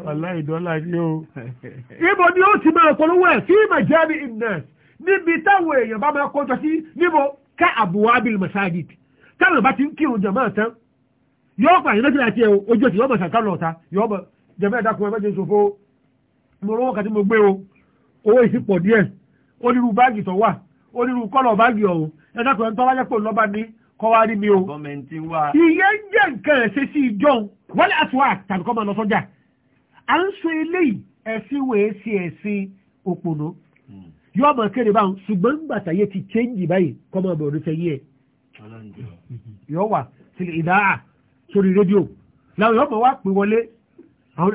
wàláì dọ́là ní o. ibo (laughs) ni ó ti máa polówó ẹ̀ sí ìmọ̀jẹ́ ní ìgbà níbi táwọn èèyàn bá máa kó jọ sí níbo. ka àbúwábìl masajid táwọn bá ti ń kírun jàmáà tán yóò pààyàn lọ́jọ́ àti ẹ̀ ojú ọ̀sẹ̀ yóò bọ̀ sàkà lọ́ta yóò bọ̀ jẹ̀mẹ́ ìdákun ẹgbẹ́ jẹ́ sòfò mo kàtí mo gbé o owó ìsìpọ̀ díẹ̀ onírú báàgì tó wà onírú kọ́lọ̀ báàgì ọ̀hún ẹ̀dákun ẹ̀ńtọ́ wáyé pò lọ́ba ní kọ́ o. ìyẹn ń jẹ́ nǹkan ẹ̀ṣẹ̀ sí ìjọun wọ́n lè àtúwà tàbí kọ́ máa lọ sọ́jà à ń sọ eléyìí ẹ̀sìn yóò mọ̀ kéde báwọn ṣùgbọ́n nígbà tàyé ti chéńjì báyìí kọ́mọ bọ̀ orí fẹ́yẹ́ ẹ̀ yóò wà sílẹ̀ ìdáhà sórí rédíò làwọn yóò mọ̀ wá pè wọlé àwọn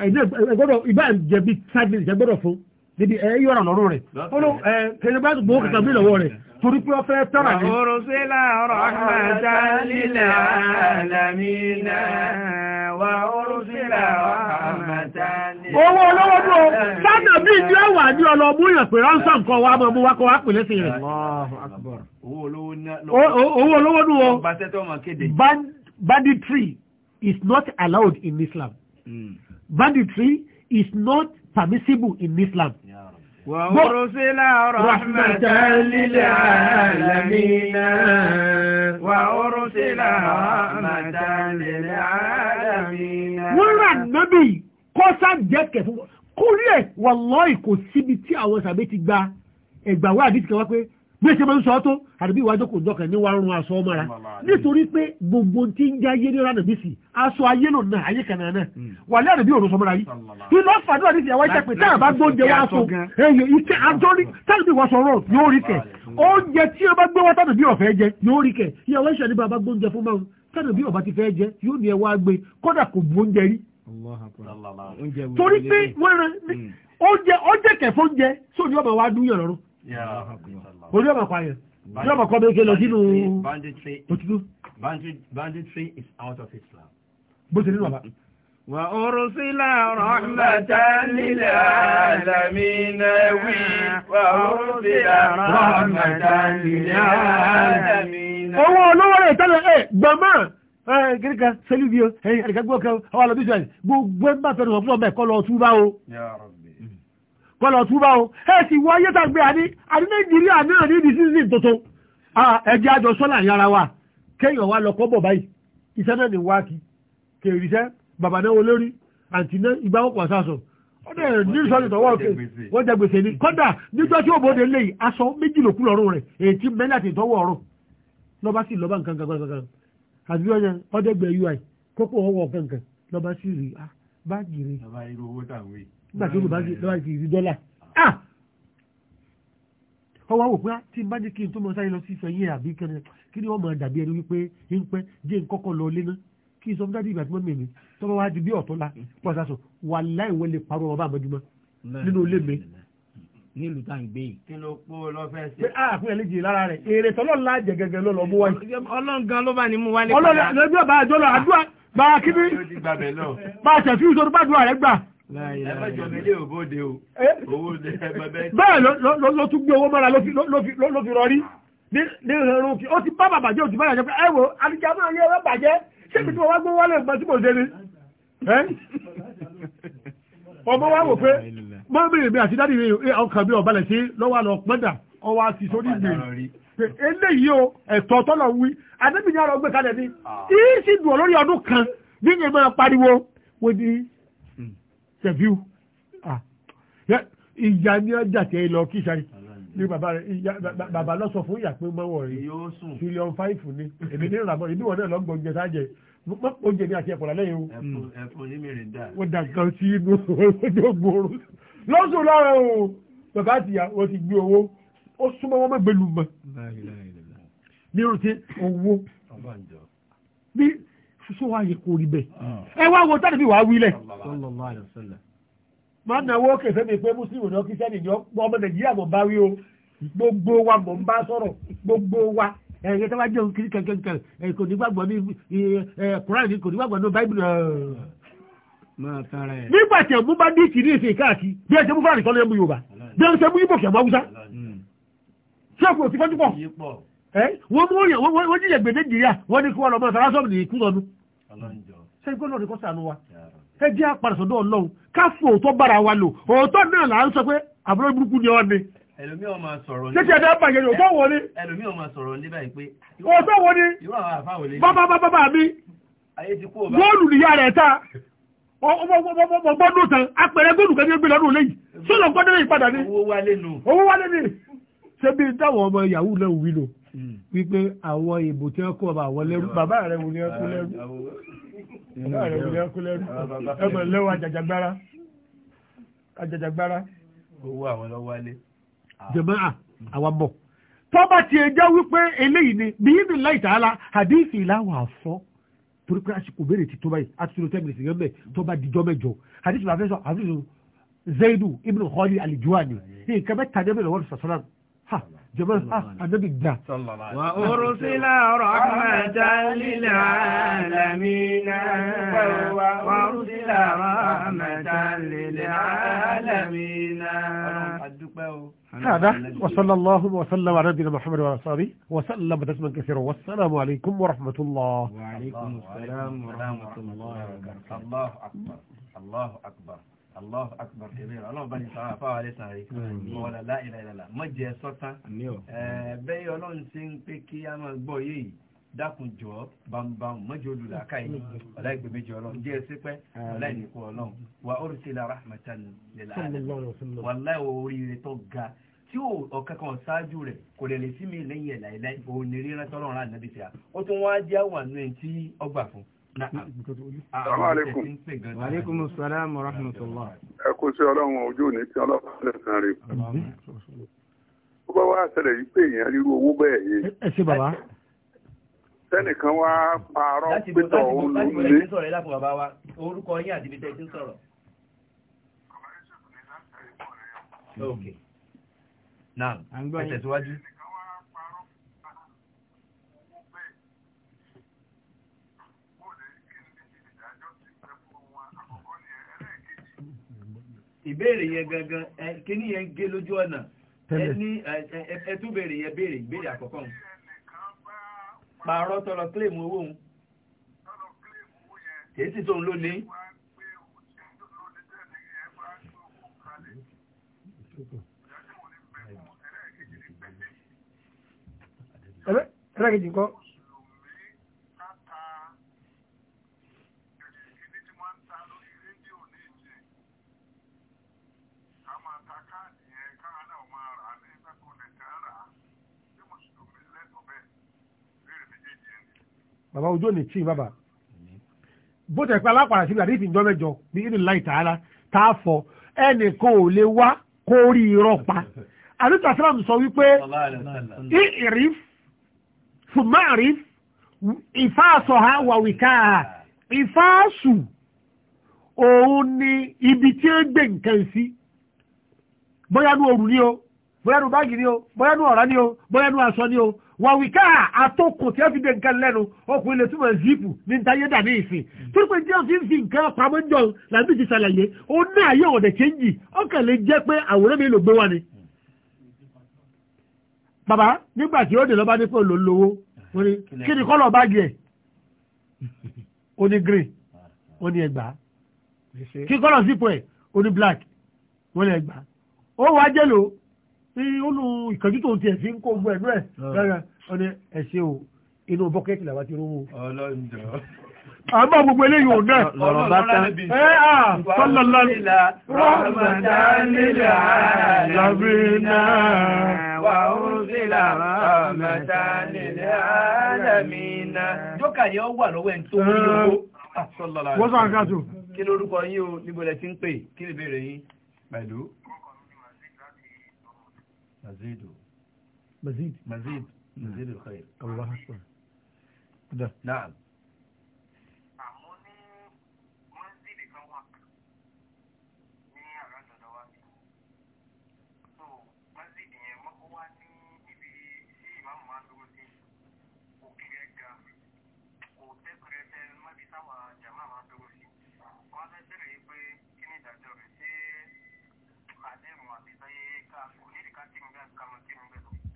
ẹgbọ́dọ̀ ìbá jẹ bí sáàdì ìjẹgbọ́dọ̀ fún níbi ẹ yọ̀ràn lọ́rùn rẹ̀ ó ló ẹ kẹrẹ bá gbowó kẹta bí lọ́wọ́ rẹ̀ torí pé ó fẹ́ tọ́ra ní. ọ̀rọ̀ sí làárọ̀ àmàdá lílẹ̀ àlàmì náà wà owó olówó tó sátà bí ìdí ó wà ní ọlọ́mú yàn pé ránṣọ́ nǹkan wa mọ̀ mú wa kọ́ wá pè lẹ́sìn rẹ̀ owó olówó nù ọ banditry is not allowed in Islam mm. banditry is not permissible in Islam. Yeah. وأرسل رحمة للعالمين وأرسل رحمة للعالمين kó sáàjẹ́kẹ̀ fún kó rí ẹ̀ wallahi kò síbi tí àwọn sàbẹ́ ti gba ẹgbàwá àdìsí kan wá pé bí ṣe máa ń sọ tó àdìbí ìwájú kò dọ́kàn ní wàá rún aṣọ ọmọra nítorí pé gbogbo tí ń já ayé ní ọ̀rá nàbí sí aṣọ ayé lò náà ayé kan náà wà lẹ́ àdìbí òrùn sọmọra yìí inú ọ̀fàdúrà ní ìyàwó iṣẹ́ pé táà bá gbóúnjẹ wá aṣọ èyí iṣẹ́ àjọrí táàbí wọ́n sọ̀rọ̀ yóò rí kẹ̀ oúnjẹ tí ó bá gbé wọ́n táàbí ọ̀fẹ́ jẹ yóò rí kẹ̀ ìyàwó iṣẹ́ ní bá gbóúnjẹ fún máa táàbí ọ̀bá ti fẹ́ jẹ yóò ní ẹwà gbé kọ́dà kò gbóúnjẹ rí torí pé wẹ́rẹ́ hmm. oúnjẹ oúnjẹ kẹfọ́ oúnjẹ sóòdì ọmọ wa dúnyàn lọ́rùn orí ọmọ pààyàn orí ọmọ kọ́ bẹ́ẹ̀ kí lọ sínú òtútù. banditry is out of Islam. bó ti rí bàbá. wà á rúsílà rọ́mọ̀tà nílẹ̀ àlàmì náà wí wà á rúsílà rọ́mọ̀tà nílẹ̀ àlàmì náà. owó olówó rẹ̀ tẹ́lẹ̀ ẹ̀ gbọ̀ngàn gíríkà sẹ́lú bí o ẹ̀ríkà gbọ́ kẹ́ ọwọ́ àlọ́ bíṣọ̀ gbogbo ẹ̀ bá fẹ́ràn fún ọmọ ẹ̀ kọ́ lọ túbá o kọ́ lọ túbá o ẹ̀ sì wọ ayé tàgbé àní àní nàìjíríà náà ní ìdí sísìn tuntun ẹ̀jẹ̀ àjọ sọ́là yàrá wa kéèyàn wa lọ kọ́ bọ̀ báyìí iṣẹ́ náà ní wáàkì kèrì iṣẹ́ bàbá náà olórí àǹtí náà ìgbà wọn kò sásọ ọdẹ ní sọ́ọ̀tì tọ́wọ́ òkè wọ́n jẹ gbèsè ni kọ́dà níjọ́ tí òbòde lè aṣọ méjìlélókù lọ́rùn rẹ̀ èyí tí mẹ́lá ti tọ́wọ́ ọ̀rùn lọ́ba sì lọ́ba nǹkan kan kan kan àbí ọdẹgbẹ ui kókó ọwọ́ kankan lọ́ba sí rí ah, báàgì rí nígbà tí olùbáàgì lọ́ba sí rí dọ́là ọwọ́ ah! wò pé ah, tí n bá jẹ́ kí n tó mọ sáré lọ sí ìfẹ̀yìn àbí kẹrin kí ni wọ́n mọ dàbí ẹni wípé ń pẹ́ jẹ́ ń kọ́kọ́ lọ lé náà kí n sọ fún dádì ìgbà tí wọ́n mèmí tọ́ba wá di bí ọ̀tọ́ la pọ̀ sásọ wà láì wọlé parọ́ ọba àmọ́júmọ́ nínú ilé mi nílùú tá à ń gbé yìí. kí ló pọ̀ lọ́fẹ́ sí. pé a ah, fún ẹlẹ́jì lára rẹ̀ èrè tọ́lọ́ la jẹ gẹ́gẹ́ ló lọ bó wáyé. ọlọ́run gan ló bá ní mú wálé. ọlọ́run lọ́jọ́ bá a jọ lọ àdúrà bá a kí ni. bá a tẹ̀sí ìṣòro bá dùn rẹ̀ gbà. ẹ bá jọ mi lé òbóde o. òbóde ẹ bẹ bẹ. bẹ́ẹ̀ ló tún gbé owó mọ́ra ló fi rọrí. ní ìrọ̀rùn kí ó ti bá bàbà jẹ́ ó ti bá yàjẹ́ pé ẹ wò àdìjà máa yẹ ọ bàjẹ́ ṣé ibi tí mo wá gbé wálé ìgbà tí mo ṣe ni. (laughs) ọmọ wa wò pé mọ́ bèèrè bí àti dádì rẹ̀ ọkàn bí ọ̀balẹ̀ sí lọ́wọ́ àlọ́ pẹ́dà ọwọ́ àti sórí ìgbèrè eléyìí o ẹ̀tọ́ tọ́lọ̀ wí adébìnrin àrọ̀ gbé kalẹ̀ ní ah. ìsì dùn lórí ọdún kan ní ìgbìmọ̀ pariwo wo ni tẹ̀fíù ìyá ní ọjà tẹ́ lọ kí sáré ní bàbá lọ sọ fún ìyá pé mọ́wọ́ rẹ̀ trillion five ni èmi ní ìrànlọ́mọ́ ìdí wọn náà lọ́gbọ̀n jẹ sáàjẹ oúnjẹ ní àti ẹ̀kọ́ lálẹ́ yìí o. ẹ̀fọn yìí mi rìn dáa. wọ́n dà kan sí inú ọjọ́ (laughs) lọ́sùn lọ́rọ̀ òun bàbá àti ìyàwó ti gbé owó ó súnmọ́ wọn mẹ́gbẹ́ lu mọ́ ní orí tí owó bí sísọ wa yẹ kó rí bẹ́ẹ̀ ah. ẹ wá wo tàbí wàá wílẹ̀ máa náwó kẹfẹ́ mi pé mùsùlùmí náà kí sẹ́ni yọ ọmọ nàìjíríà mọ̀ bá wí o gbogbo wa mọ̀ ń bá sọ̀rọ̀ gbogbo wa ẹ̀yẹ tó bá jẹun kiri kẹ̀kẹ́ kẹ̀kẹ́ kò ní gbàgbọ́ ní kò ní gbàgbọ́ ní báíbù nígbà tí ẹ̀gbọ́n bá dé ìkìrí ìsìn káàkiri bí ẹ ṣe mú fúlàní tọ́lé mú yorùbá bí ẹ ṣe mú ibò kẹ̀mọ́ haúsá hmm. ṣé kò sí fọ́jú wọ́n mú òyìn wọ́n gbèdé nìyà wọ́n ní kí wọ́n lọ mọ́ lọ́nu ní kọ́ sànú wa ẹ jẹ́ àpàrẹ̀sọ̀dọ̀ ọlọ́run ká fún òótọ́ bára wa lò òótọ́ náà là ń sọ pé àbúrò burúkú mi bọ́ọ̀lù nìyá rẹ̀ ta ọgbọ́dún tán apẹ̀rẹ̀ góòlù kẹ́bí gbé lọ́dún lẹ́yìn sọ́lọ̀ gbọ́dún lẹ́yìn padà ní owó wálé nù owó wálé ní ṣe bí táwọn ọmọ yahoo lẹ́wù wílò hmm. wípé àwọn ìbò tí wọ́n kó ọba àwọn lẹ́rú hmm. bàbá rẹ̀ wù ní ẹkú lẹ́rú bàbá rẹ̀ wù ní ẹkú lẹ́rú ẹgbẹ̀ ah, lẹ́wọ̀ àjàjàgbára àjàjàgbára owó àwọn lọ wálé. Ah. jẹ̀mọ́ à ah, àwọn bọ̀ tọ́ba ti ẹjọ́ wípé eléyìí ni bíyìnbí láì tààlà àdéhìí ìlàwọ̀ àfọ́ torí pé àsìkò béèrè ti tó báyìí àti sínú tẹ́gbìn ìsìnkẹ́ mẹ́ tó bá dijọ́ mẹ́jọ àdìsí bàbá sọ àfihàn zaidu ibn khali alijuwani ní nǹkan mẹ́ta ní ẹ̀mẹ́rin wọ́n sọ̀sọ́nà ha jẹ́mọ́ anabi da. wà á rusila rahmatan lil alamina wà á rusila rahmatan lil alamina. ọlọ́run àdúpẹ́ o. هذا وصلى الله وسلم على نبينا محمد وعلى اله وسلم تسليما كثيرا والسلام عليكم ورحمة الله وعليكم السلام ورحمة الله وبركاته الله أكبر الله أكبر الله أكبر كبير الله بني صلاة فعلي صحيح ولا لا إله إلا الله ما جاء صوتا بي يولون سين بكي أما بويي dákun jọ bambam mọjọ lula káyé ọlá ìgbè méjì ọlọ́run jẹ ẹsẹ pẹ ọlá ìníkù ọlọ́run wa orísìlá rahmatan lil alamin wàlá oríire tó ga tí ó ọ̀kan kan ṣáájú rẹ̀ kò lè lè sí mi lẹ́yìn ẹ̀ láìláì òun ní ríran tọ́lọ́run rà nàbí tíya ó tún wá jẹ́ àwọn àánú ẹ̀ tí ọgbà fún. Wa alaykum assalam wa rahmatullah. Ẹ kú sí ọlọ́run ojú òní tí ọlọ́run lẹ́sàn-án rẹ̀. Ó bá wá ṣẹlẹ̀ yìí pé èèyàn ríru owó bẹ́ẹ̀ yé. Ẹ ṣe bàbá. tẹ́nìkan wá pààrọ̀ pẹ́tọ̀ òun Ìbéèrè yẹn gangan, kí yẹn gé lójú ọ̀nà, ẹ ní ẹtú béèrè yẹn béèrè, àkọ́kọ́. pààrọ̀ tọrọ kílèmù owó òun kìí sì tóun ló ní ẹlẹ́gẹ̀ẹ́jì kan bàbá ojú ò ní tí bàbá bó tẹ̀ pé alápàdà síbi àdéhìí ìjọ mẹ́jọ bí ìdí láì tààlà tá a fọ ẹnì kan ò lè wá kó rí irọ́ pa àdúgbò asalaam sọ wípé ìrìf fùmáàrìf ìfáàsọ̀ ha wà òun ni ibi tí ó gbé nǹkan sí bóyá nu òrù ni o bóyá nu báàgì ni o bóyá nu ọ̀rá ni o bóyá nu aṣọ ni o wàwíká àtòkùn tí ó fi dé nǹkan lẹ́nu ọkùnrin lè túmọ̀ zipu ní ntayé dà ní ìsìn hmm. tó pé tí ó fi ń fi nǹkan pamọ́ jọ làbí ti ṣàlàyé ó ní àyè ọ̀dẹ̀ kéńjì ọkàn lè jẹ́ pé àwòrán mi ló gbé wá ni. bàbá nígbà tí ó dè lọ́ba nípò ló ń lówó wọ́n ní kí ni kọ́lọ̀ báàgì ẹ̀ ó ní green ó ní ẹgbàá kí kọ́lọ̀ zipu ẹ̀ ó ní black wọ́n ní ẹgbàá ó wá jẹ́lò ní olú ìkànjú tó ti ẹ̀ fi ń kó gbogbo ẹ̀ ó ní ẹ̀ṣẹ́ o inú bọ́kẹ́tì làwọn ti rówó. ọlọ́njọ́. àbá gbogbo eléyìí ò náà. lọ́rọ̀ bá tán. ẹ à sọ́lọ́ lọ́lá. rọ́mọdá nílẹ̀ àlàbí náà. wà ó sílà rọ́mọdá nílẹ̀ àlàmí náà. jókà yẹn wà lọ́wọ́ ẹni tó ń lówó. wọ́n sọ àkàtò. kí lórúkọ yín o níbo lẹ ti ń pè kí ni ìbéèrè yín. pẹ̀lú. mazid. mazid. mazid ìdílé khair. Allah akbar. Naam. Àmọ́ ní mọ́sídìí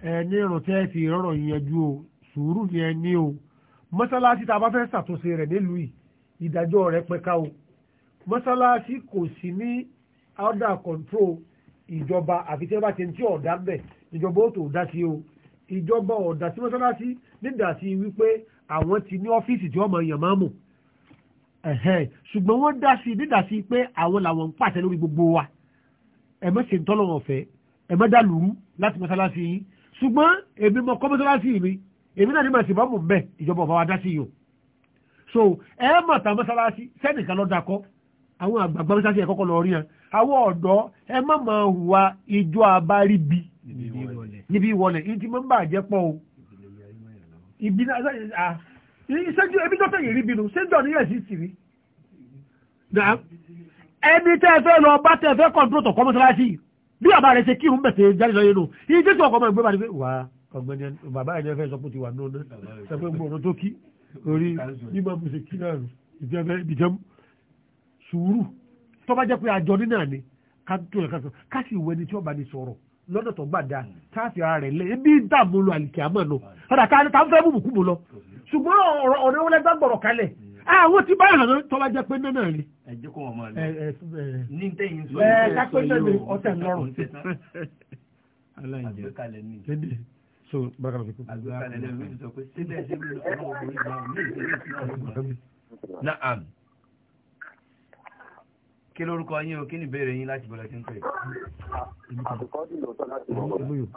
ẹ ní irun tẹ́ fi rọrọ̀ yanjú o sùúrù ni ẹ ní o mọ́sálásí tá a bá fẹ́ ṣàtúnṣe rẹ̀ nílùú yìí ìdájọ́ rẹ̀ pẹ́ka o mọ́sálásí kò sí ní under control ìjọba àfi tí wọ́n bá ti ń tí ọ̀dà bẹ̀ ìjọba ó tó dá sí o ìjọba ọ̀dà sí mọ́sálásí nígbà sí wípé àwọn ti ní ọ́fíìsì tí wọ́n mọ̀ èèyàn máa mọ̀ ṣùgbọ́n wọ́n dá sí nígbà sí pé àwọn làwọn ń pàṣẹ lórí gbogbo wa ẹ má ṣe ń tọ́lọ́wọ̀n ọ̀fẹ́ ẹ má dá lùrú láti mọ́sálásí yín ṣùgbọ́n èmi mọ kọ́mọ́sálásí mi èmi náà ní màá sì bá mọ̀ mẹ́ ìjọba ọ̀bá wa dá sí yìí o so ẹ mọ̀ tà mọ́sálásí sẹ́nìkan lọ́ọ́ dakọ́ àwọn àgbàgbà mọ́sálásí ẹ̀ kọ́kọ́ lọ rí hàn àwọn ọ̀dọ́ ẹ má máa hùwà ìjọ àbáríbi níbi ìwọlẹ̀ yìí ti máa ń bà jẹ́ pọ̀ o ibi náà ṣẹ́jú ebi tó tẹ̀yìn rí bínú ṣẹ́jọ́ ní ẹ̀sìn sì rí ẹni tẹ́ fẹ́ lọ bá tẹ́ fẹ́ kọ̀ǹtò tọ̀ kọ́mọ́sálásí yìí bí bàbá rẹ̀ ṣe kírun bẹ̀sẹ̀ jáde lọ yẹnu iye jésù ọkọ̀ ọmọ ìgbébà ni pé wà ọ̀gbẹ́ni bàbá ẹni fẹ́ sọ pé ti wà nínú náà sọ pé gbòòrò tó kí orí yíma mo ṣe kí náà ìjẹ́fẹ́ ìjẹ́m sùúrù tó bá jẹ́ pé àjọ ní náà ni ká tó yẹ ká sọ ká sì wẹni tí ó bá sọ̀rọ̀ lọ́dọ̀ tó gbà dáa káàfì ara rẹ̀ lé ebi dààmú lo àlìkè àmọ́ náà ọ̀dà ká ń fẹ́ bùbùkù mọ́ lọ ṣùgbọ́n ọ̀rọ̀ ọ̀rẹ́ wọlé kalẹ̀ àwọn ah, tí bá ìrànlọ́ tó bá jẹ́ pé náà rí. ẹ̀jẹ̀ kọ́ ọmọ rẹ̀ ní tẹ̀yìn sọ yìí ẹ̀ kápẹ́ náà ní ọ̀tẹ̀ lọ́rùn. àgbékalẹ̀ ní. so bákan fi kú. àgbékalẹ̀ lẹ́nu kí lórúkọ yín o kí ni ìbéèrè yín láti bọ̀lẹ̀ tí ń pè é. àkọ́kọ́ dì láti mọ̀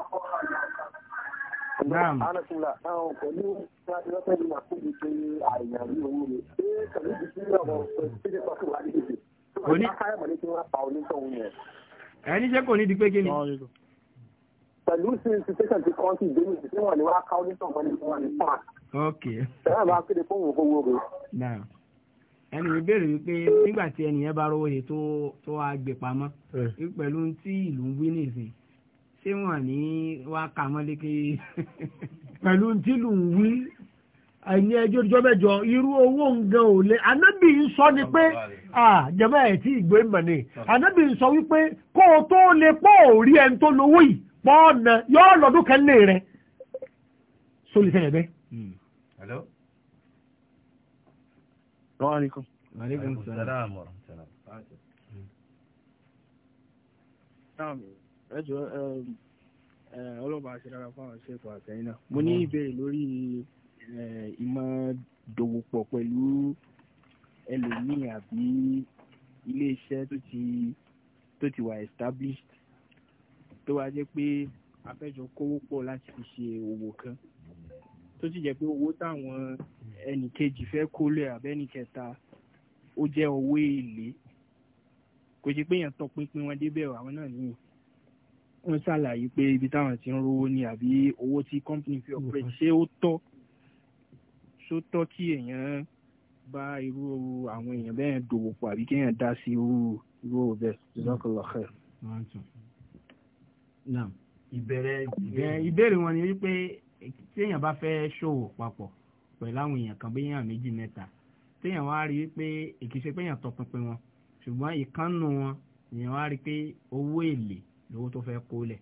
ana ẹni ṣe kò ní di pé kí ni. pẹ̀lú sí situation ti kọ́ńtì ìdéhùn tí wọ́n ní wá ká onítàn mọ́ni tí wọ́n ní fún wa. ok. ṣẹlẹ̀ bá kéde fún òun owó rẹ̀. ẹni mi béèrè wípé nígbà tí ẹnìyẹn bá rówó he tó wá gbé pamọ́ eh. pẹ̀lú tí ìlú ń wí nìsín ṣé wọn ní wá kà mọ́ lékè. (laughs) pẹ̀lú tí lù ń wí ẹ̀yìn ẹjọ́ ìjọ mẹ́jọ irú owó nǹkan ò lè anábì ń sọ ni pé jẹ́mọ́ ẹ̀ tí ìgbé mọ̀ ni anábì ń sọ wípé kó o tó lè pọ̀ òrí ẹni tó lówó yìí pọ̀ ọ̀nà yóò lọ́dún kẹ́lẹ́ rẹ̀ sólì sẹ́yìn bẹ́ẹ̀. Hmm. Hello. Assalamu alaikum. Wa alaikum ẹjọ́ ọlọ́ba àṣírára fún àwọn ṣètò àtẹ̀yìn náà mo ní ìbéèrè lórí ìmọ̀ dòwòpọ̀ pẹ̀lú ẹlòmíì àbí iléeṣẹ́ tó ti tó ti wà established tó wá jẹ́ pé afẹ́jọ kówó pọ̀ láti fi ṣe òwò kan tó sì jẹ́ pé owó táwọn ẹnì kejì fẹ́ kólé àbẹ́nì kẹta ó jẹ́ owó èlé kò ṣe pé èèyàn tọpinpin wọn débẹ̀ àwọn náà nìyí wọ́n ṣàlàyé pé ibi táwọn ti ń rówó ni àbí owó tí company fi operate ṣé ó tọ́ ṣó tọ́ kí èèyàn bá irú àwọn èèyàn bẹ́ẹ̀ dòwò pọ̀ àbí kéèyàn dá sí irú irú òwò bẹ́ẹ̀ lọ́kọ̀lọ́ kẹ́. ìbéèrè wọn ni wípé tí èèyàn bá fẹ́ ṣòwò papọ̀ pẹ̀lú àwọn èèyàn kan bí èèyàn méjì mẹ́ta téèyàn wá rí wípé èkìṣe pé èèyàn tọpinpin wọn ṣùgbọ́n ìkánnù wọn èèyàn wá rí pé owó èlé lówó tó fẹ́ kó lẹ̀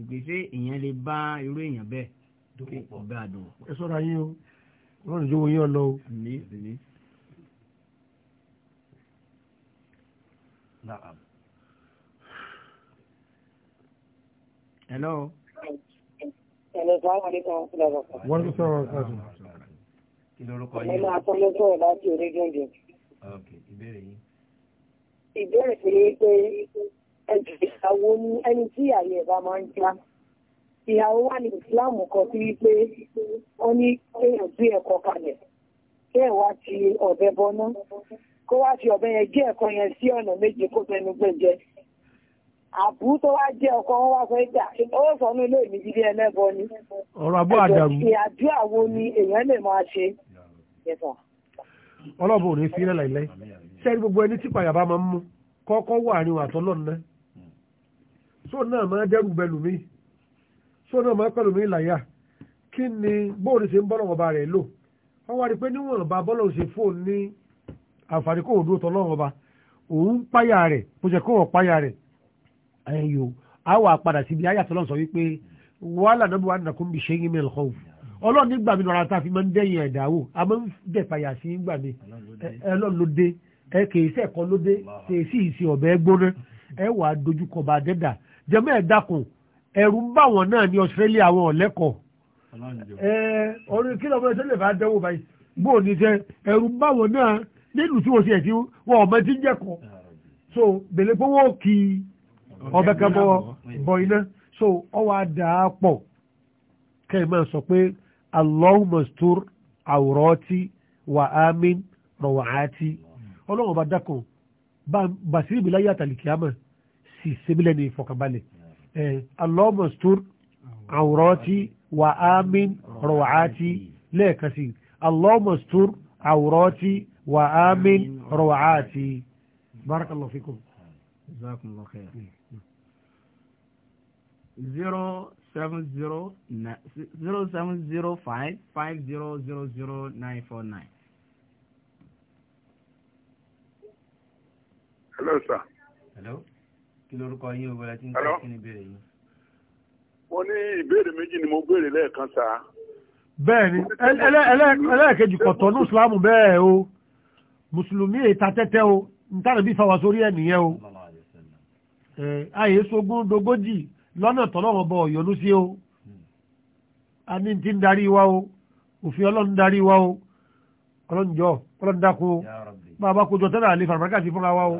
ìgbésẹ̀ ìyẹn lè bá irú èèyàn bẹ́ẹ̀ dókòpọ̀ bẹ́ẹ̀ àdùn. ẹ sọ́ra yín o ọlọ́run ìjọba yín ọlọ o. hello. hello sàlámù aleykum ọ̀sán ọ̀sán. wọ́n ti sọ̀rọ̀ ọ̀sán. kí lorúkọ yín. ọmọ àtọ́lẹ́ sọ̀rọ̀ láti orí gẹ́gẹ́. ìbéèrè yín. ìbéèrè sí i pé ìyàwó ní ẹni tí àyè ẹ̀bá máa ń já ìyàwó wà ní ìsìláàmù kan sí wípé wọ́n ní kéèyàn gbé ẹ̀kọ́ kalẹ̀ kéèyàn wá ti ọ̀bẹ bọ́ná kó wá fi ọ̀bẹ yẹn gé ẹ̀kọ́ yẹn sí ọ̀nà méje kó fẹnu gbẹ̀jẹ̀ àbú tó wá jẹ́ ọkọ wọn wá sọ ìjà ó sọ ní ilé mi jíde ẹlẹ́bọ ni ọ̀rọ̀ abọ́ àdàrú ìyàdúrà wo ni èèyàn lè máa ṣe ọlọ́bùnrin sí ilẹ̀ láìláì ṣẹ́ni gbogbo ẹni tí pàyàbá máa ń mú kọ́kọ́ wà ní àtọ́lọ́ọ̀nà sọ náà máa dẹ́rù bẹ́lù mi sọ náà máa pẹ̀lú mi láyà kí ni bóòlù ṣe ń bọ́ lọ́wọ́ ọba rẹ̀ lò wọ́n wá rí pé níwọ̀n ọba bọ́lọ̀ ṣe fóònù ní àǹfààní kò dúró tọ́lọ́wọ́ ọba òun páyà rẹ̀ bó ṣe kó wọ́n páyà rẹ̀ ẹ̀yọ́ a wà padà síbi ayàtọ̀ lọ́sọ̀ wípé wàhálà náà wà nàkó bí ṣe yín mẹ́lẹ̀ kọ́ ọlọ́ọ̀ni gbà mí lọ́ra tá a fi máa ń dẹ́yìn ẹ̀dá wò a máa ń dẹ̀ payà sí gbà mí ẹlọ́ọ̀ ló dé ẹ kèé sẹ́ẹ̀kọ́ ló dé kèé sì sí ọ̀bẹ gbóná ẹ wà dojúkọ bá dẹ́dà jẹ́mọ́ ẹ̀ dákun ẹ̀rù ń bá wọn náà ní Australia àwọn ọ̀lẹ́kọ̀ọ́ ọ̀rẹ́ kí lọ́mọ ẹ̀sẹ̀ lè fà á dẹ́wò báyìí bó o ní sẹ́ ẹ̀rù ń bá wọn náà nílùú tí wọ́n ti wọn ọ̀mọ ti ń jẹ́kọ̀ọ́ so bèlè pé wọ́n kì í ọbẹ̀ iná so ọwọ́ àdá pọ̀ kẹ́ ẹ̀ máa sọ pé Allahumma stur awrati wa amin rawaati ọlọ́run ọba dákan basiri mi láyé àtàlìkíámà sì sẹ́bílẹ̀ ní ìfọkànbalẹ̀ alọ́mọ̀stúr àwòrọ́tì wà ámín rọ̀wàátì lẹ́ẹ̀kan sí alọ́mọ̀stúr àwòrọ́tì wà ámín rọ̀wàátì. barakallahu fikum. jazakumullahu khairan. zero seven zero nine zero seven zero five five zero zero zero nine four nine. hello sir. hello kí lorúkọ yín o wọlé tí ń tẹ́ kí ni ìbéèrè yín. mo ní ìbéèrè méjì ni mo béèrè lẹ́ẹ̀kan sá. bẹ́ẹ̀ni ẹlẹ́ẹ̀kejì kọ̀tọ̀ ní ìsìlámù bẹ́ẹ̀ o mùsùlùmí èta tẹ́tẹ́ o nítàdé bí fáwọn sórí ẹ̀ nìyẹn o. ayé sogún dogójì lọ́nà tọ́lọ́wọ́ bọ̀ yọ̀nú sí o. a ní ti ń darí wa o òfin ọlọ́run darí wa o ọlọ́run jọ ọlọ́run dákun o bàbá kojọ tẹ́lẹ̀ àlè fàràmàkà sí fúnra wa o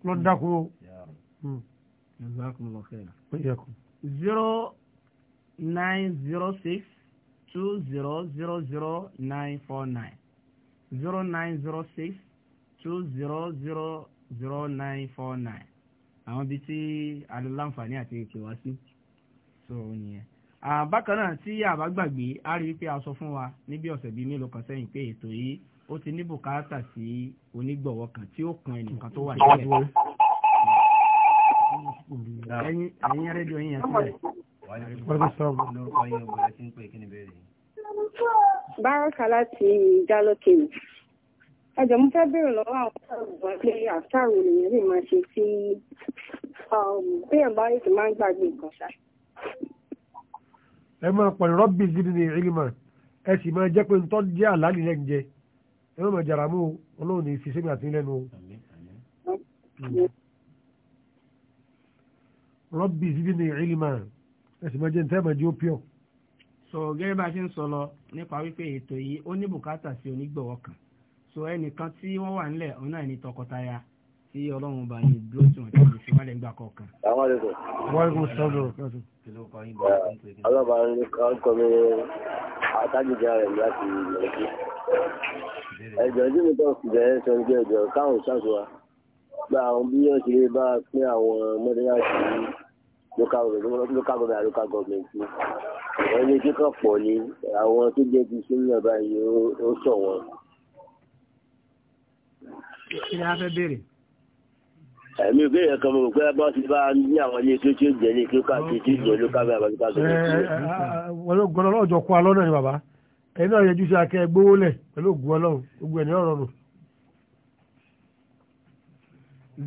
ọlọ́run dákun o jazakumullahu khairan. zero nine zero six two zero zero zero nine four nine zero nine zero six two zero zero zero nine four nine àwọn ibi tí alóláǹfààní àti èkè wá sí so nìyẹn. bákan náà tí àbá gbàgbé a rí pé a sọ fún wa níbi ọ̀sẹ̀ bíi mélòó kan sẹ́yìn pé ètò yìí ó ti ní bùkátà sí onígbọ̀wọ́ kan tí ó kan ẹnìkan tó wà nílẹ̀ ẹ̀yin rédíò yìí yẹn sílẹ̀ wọ́n sọ lórúkọ yẹn òun láti ń pè kí ni bẹ́ẹ̀ rẹ̀. báràkà láti jálókè ẹjọ́ mo fẹ́ bèrè lọ́wọ́ àwọn ọ̀gbọ́n pé àṣàrò lèyìn lè máa ṣe sí bẹ́ẹ̀ um, bá ètò máa ń gbàgbé nǹkan ṣá. ẹ máa pọ̀n rọ́bì zidi ní ìlímà ẹ sì máa jẹ́ pé ntọ́ jẹ́ àlálì lẹ́nu ẹ máa jàrà mú ọlọ́run ní ìfisẹ́mi àti lẹ́nu rọ́bì zidni ilma ẹ̀sìn máa jẹ́ ní tẹ́ẹ̀mà jẹ́ ó pure. so gẹ́gẹ́ bá a ṣe ń sọ lọ nípa wípé ètò yìí ó ní bùkátà sí onígbọ̀wọ́ kan so ẹnìkan tí wọ́n wà nílẹ̀ òun náà ní tọkọtaya tí ọlọ́run bá ní dúró tí wọ́n ti lè fi wálé ńgbà kọ̀ọ̀kan. àwọn àlejò. wọ́n kò sọ́dọ̀ kẹ́sì. ọlọ́ba ń kọ́ mi àtàjìjà rẹ̀ láti ìrẹ̀kí. ẹ̀jọ̀ ojú mi tó fi bẹ̀rẹ̀ sọ ní ẹ̀jọ̀ káwọn ṣàtúwà gba àwọn bí yóò ṣe local government local government local government ni àwọn ilé kíkọ pọ̀ ni àwọn tó jẹ́ ti senior báyìí ó sọ wọn. kí ni a fẹ́ béèrè. ẹ̀mí ò béèrè kan mo rò pé bá ti bá ní àwọn ilé tó tó jẹ́ ní kí ó kà sí tí ìjọ local government local government. gbọ́dọ̀ lọ́jọ́ kó alọ́nà ni bàbá ẹ̀yin náà yẹjú sí akẹ́ gbówó lẹ̀ pẹ̀lú ògùn ọlọ́run gbogbo ẹ̀ ní ọ̀rọ̀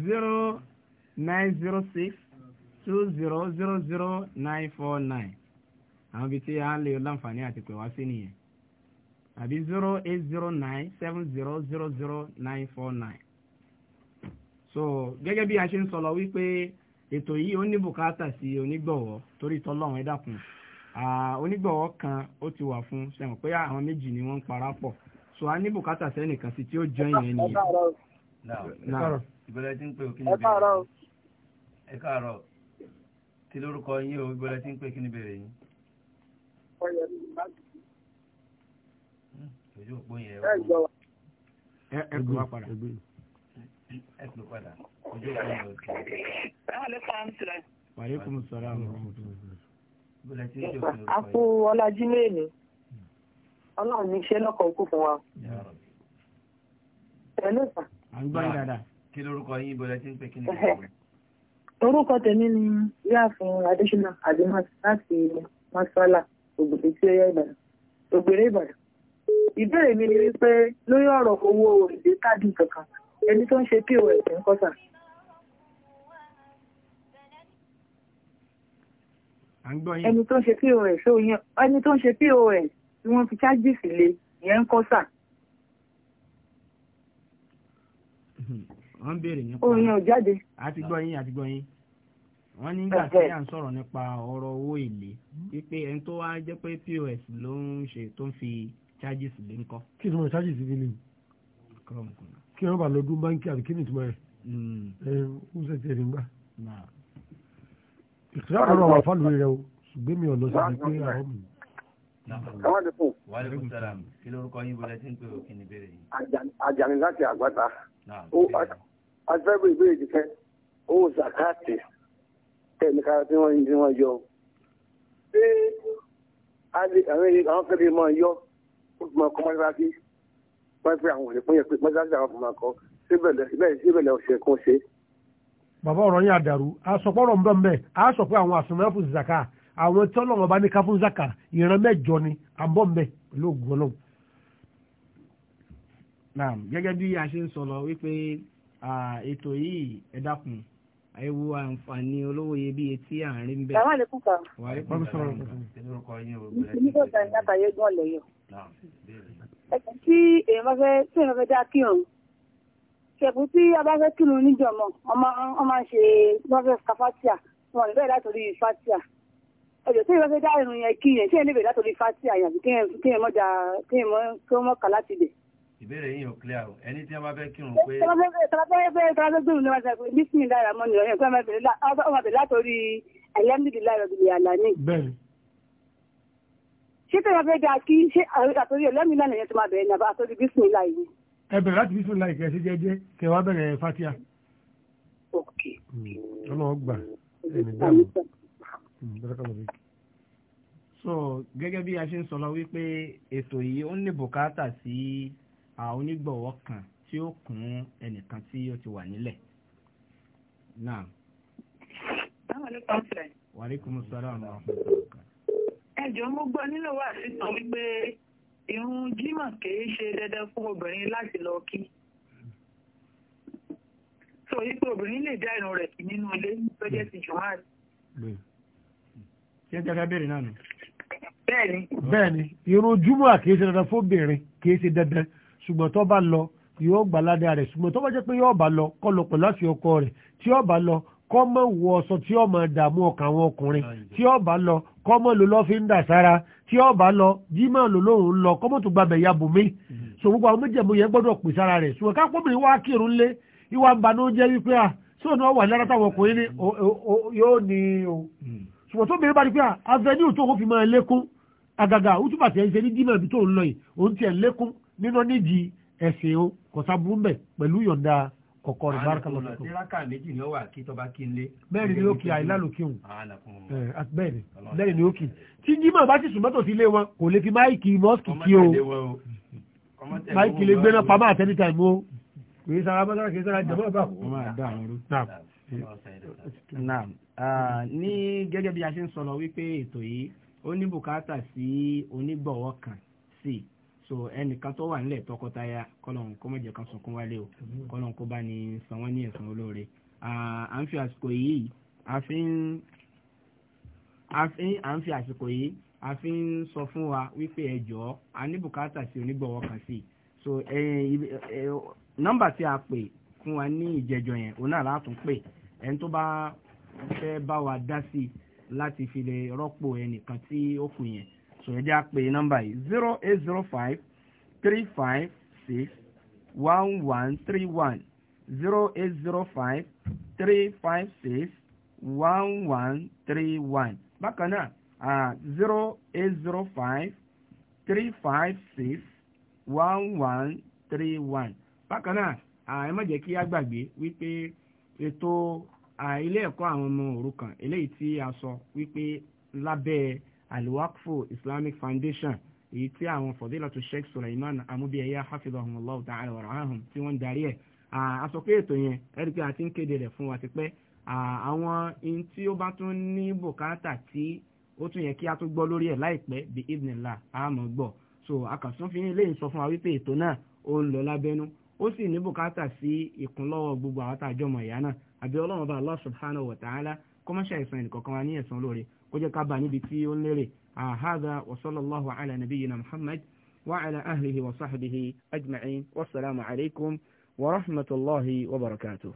zero nine zero six two zero zero zero nine four nine àwọn ibi tí a ń lè láǹfààní àti pè wá sí nìyẹn àbí zero eight zero nine seven zero zero zero nine four nine. so gẹ́gẹ́ bí a ṣe ń sọ lọ wípé ètò yìí ó ní bùkátà sí onígbọ̀wọ́ torí tọ́lọ́run ẹ dákun onígbọ̀wọ́ kan ó ti wà fún sẹ́wọ̀n pé àwọn méjì ni wọ́n ń para pọ̀ so a ní bùkátà sẹ́nìkan sí tí ó jẹ́ ìyẹn nìyẹn. ẹ káàárọ̀ ìbẹ̀rẹ̀ tí ń pè ó kí ni bẹ́ẹ̀ ẹ káàárọ̀ kí lórúkọ yín o gbọ́dọ̀ tí ń pè kí ni bèrè yín. Hmm, ojú òpó yẹn o. ẹ ẹ gbọ́ padà. ẹ gbọ́ padà ojú òpó yẹn o. wàlẹ́kùn sọ̀rọ̀ àwọn ọmọ tó ń bọ̀. a kú ọlájú lẹ́nu ọlọ́run ní ṣe lọ́kọ̀ òkú fún wa. ẹ̀lú ìfà. à ń gbọ́ yín dáadáa. kí lórúkọ yín bọ́lá tí ń pè kí ni bèrè yín orúkọ tèmi ni yáàfin adésínà adimas láti masala ògbèrè tí ó yá ìbàdàn ògbèrè ìbàdàn ìbéèrè mi ni wípé lórí ọ̀rọ̀ owó òrìṣẹ́ káàdì kankan ẹni tó ń ṣe pos ń kọ́sà. ẹni tó ń ṣe pos ẹni tó ń ṣe pos tí wọ́n fi ṣáàjì sílé ìyẹn ń kọ́sà. Hmm wọ́n béèrè nípa oyin ò jáde. àti gbọ́ yín àti gbọ́ yín wọ́n nígbà tí à ń sọ̀rọ̀ nípa ọ̀rọ̀ owó èlé wípé ẹni tó wá jẹ́ pé pos ló ń ṣe tó ń fi charges lé ńkọ́. kí ni mo charges fi lè kí wọ́n bá lọ dún báńkì àti kí ni ìtumọ̀ rẹ̀ hmm. ẹ̀ ń ṣe tiẹ̀ nígbà. ìtura kan náà wà fáwọn rẹ o ṣùgbọ́n mi ò lọ sí pé àwọn mi. wàhálà ìkùsára kí lórúkọ yín bọ́lá tí ń pè ó kí ni ìbéèrè afẹ́bù ìbéèrè ti fẹ́ owó zakati tẹ̀mí kára tí wọ́n ti wọ́n yọ ṣé àwọn fẹ́ bí mọ́ yọ ó ti mọ ọkọ mọ́sáàkì wọ́n fẹ́ àwọn òní pínyẹ pé mọ́sáàkì àwọn fún ma kọ́ síbẹ̀lẹ̀ ọ̀sẹ̀ kan ṣe. bàbá ọ̀rọ̀ yín àdàrú àsọpọ̀rọ̀ ń bọ̀ mẹ́ a sọ pé àwọn àsùnmọ́ fún zaka àwọn tí ọlọ́run bá ní ká fún zaka ìran mẹ́jọ ni à ń bọ̀ mẹ́ lóògùn ọlọ́run. naam gẹ́gẹ́ bí a ṣe ń sọ lọ wípé ètò yìí ẹ dákun ẹ wo àǹfààní olówó iyebíye tí à ń rí ń bẹ. sàmà lè kúkà. wà á rí kúkà sọ̀rọ̀ lórúkọ yín o. nígbà tó ń dábàá yẹn gbọ́n lẹ́yọ̀. tí èèyàn bá fẹ́ tí èèyàn bá fẹ́ dá kírun ṣẹ̀kú tí a bá fẹ́ kírun níjọ̀mọ́ wọ́n máa ń ṣe wọ́n fẹ́ ka fatia wọn ò ní bẹ̀rẹ̀ látòrí fatia ọjọ́ tí èèyàn fẹ́ dá irun yẹn kí yẹn ṣé èèyàn lè bẹ̀rẹ̀ látòrí fatia yẹn àbí kéèyàn mọ̀ kà láti bẹ̀ ìbéèrè yìí ò clear o ẹni tí wọ́n bá fẹ́ kírun pé. ṣé tí wọ́n fẹ́ dá kí ṣé àtòrí ẹlẹ́mìí lánàá yẹn tó máa bẹ̀rẹ̀ ní àbá àtòrí bísímìlá yìí. ẹ bẹ̀rẹ̀ láti bísímìlá yìí kẹ́ ṣe jẹ́jẹ́ kẹ́ wá bẹ̀rẹ̀ fatia. Hmm, ọlọ́wọ́ gbà ẹni dáàbò bẹ́rẹ̀ kọ́ lọ́bẹ̀ kí so gẹ́gẹ́ bí a ṣe ń sọ lọ wípé ètò yìí ó ní bùkátà sí onígbọ̀wọ́ kan tí ó kún ẹnìkan tí ó ti wà nílẹ̀ náà. wàríkùn sọ́dọ̀ àwọn ọmọ ẹjọ́ mo gbọ́ nílò wà sísan wípé ìrun jímọ̀ kìí ṣe dandan fún obìnrin láti lọ kí so wípé obìnrin lè dá ìrun rẹ̀ kí nínú ilé lọ́jọ́ ti jùmọ́àtì. ṣé jẹ́ká béèrè náà nù. bẹ́ẹ̀ni. bẹ́ẹ̀ni ìrun júmọ̀ kìí ṣe dandan fún obìnrin kìí ṣe dandan ṣùgbọ́n tó bá lọ yóò gbà ládàá rẹ̀ ṣùgbọ́n tó bá jẹ́ pé yóò bá lọ kọ́ lọ pẹ̀lú àti ọkọ rẹ̀ tí yóò bá lọ kọ́ mọ̀ wọ ọ̀sọ̀ tí yóò máa dààmú ọkàn àwọn ọkùnrin tí yóò bá lọ kọ́ mọ̀ ló lọ́ fi ń dà sára tí yóò bá lọ jimá ló lóun lọ kọ́ mọ̀ tó gbàgbẹ́ ya bù mí. sọ gbogbo àwọn méjèèmú yẹn gbọ́dọ̀ pè sára rẹ̀ ṣùgbọ́n kápọ́mìnrin wá kírun lé ìwà ń banú jẹ́ wípé à sóò ní lára táwọn ọkùnrin ní yóò ní o. ṣùgbọ́n tó bẹ̀rẹ̀ bá rí pé à avenue tó kó fi máa lékún àgàgà ó túbà tẹ̀ ń ṣe ní dímọ̀ ibi tó ń lọ yìí òun tiẹ̀ lékún nínú nídìí ẹ̀sìn o kò sábúrú mbẹ pẹ̀lú yọ̀ǹda ọkọ rẹ̀ bárakà lọ́dọ̀ tó. tíráka méjì ni ó wà kí tọba kí n lé. bẹ́ẹ̀ni ni ó kì àìlálòkìhùn bẹ́ẹ̀ni bẹ́ẹ̀ni ni ó kì tí jimá bá ti sùn mọ́tò sí ilé wọn kò lè fi máìkì mọ́ọ̀sì kí o máìkì lè gbéná pamọ́ àtẹ́ni tàìmú o kò yé sara mọ́tò kì í sara jẹ̀mọ́ bá ah, ní gẹ́gẹ́ bí a ṣe ń sọ̀rọ̀ wípé ètò yìí ó ní bùkátà sí onígbọ̀wọ́ kan sí i so ẹnìkan tó wà nílẹ̀ tọkọtaya kọlọ̀n kó mọ̀jẹ̀ kan sunkún wálé o kọlọ̀n kó bá ní san wọ́n ní ẹ̀sán olóore à ń fi àsìkò yìí a fi ń àsìkò yìí a fi ń sọ fún wa wípé ẹ jọ̀ọ́ a ní bùkátà sí onígbọ̀wọ́ kan sí so nọ́mbà tí a pè fún wa ní ìjẹjọ yẹn òun náà látún pè ẹni tó bá fẹ́ bá wa dá sí láti fi lè rọ́pò ẹnìkan tí ó kù yẹn sùn ẹ jẹ́ á pè nọ́mbà yìí zero eight zero five three five six one one three one zero eight zero five three five six one one three one bákan náà zero eight zero five three five six one one three one bákan náà ẹ má jẹ́ kí a gbàgbé wípé ètò ilé ẹ̀kọ́ àwọn ọmọ òrukàn eléyìí tí a sọ wípé lábẹ́ alwakfo islamic foundation èyí tí àwọn fadilatu sheikh suleiman amúbíyẹyà hafidhahumullahu ta'ala wa rahum tí wọ́n ń darí ẹ̀ àsọpé ètò yẹn ẹ̀rí pé àti ń kéde rẹ̀ fún wa ti pẹ́ àwọn in tí ó bá tún ní bùkátà tí ó tún yẹ kí a tún gbọ́ lórí ẹ̀ láìpẹ́ bí ibnillah àmọ́ gbọ́ so akàtúnfin ilé ìsọ fún wa wípé ètò náà ó ń lọ lábẹ́nú ó sì ní bùkátà sí ìkúnlọ́wọ́ gbogbo àwọn àtàjọmọ̀ ìyá náà àbí ọlọ́run bá Allah subhanahu wa ta'ala kọ́mọ́ṣà ìsàn ẹnìkọ̀ọ̀kan wa ní ẹ̀san lóore kó jẹ́ ká bà níbi tí ó ń lérè àhádà wasallallahu ala nabiyina muhammad wa ala ahlihi wa sahbihi ajma'in wasalaamu alaykum wa rahmatulahi wa barakatuh.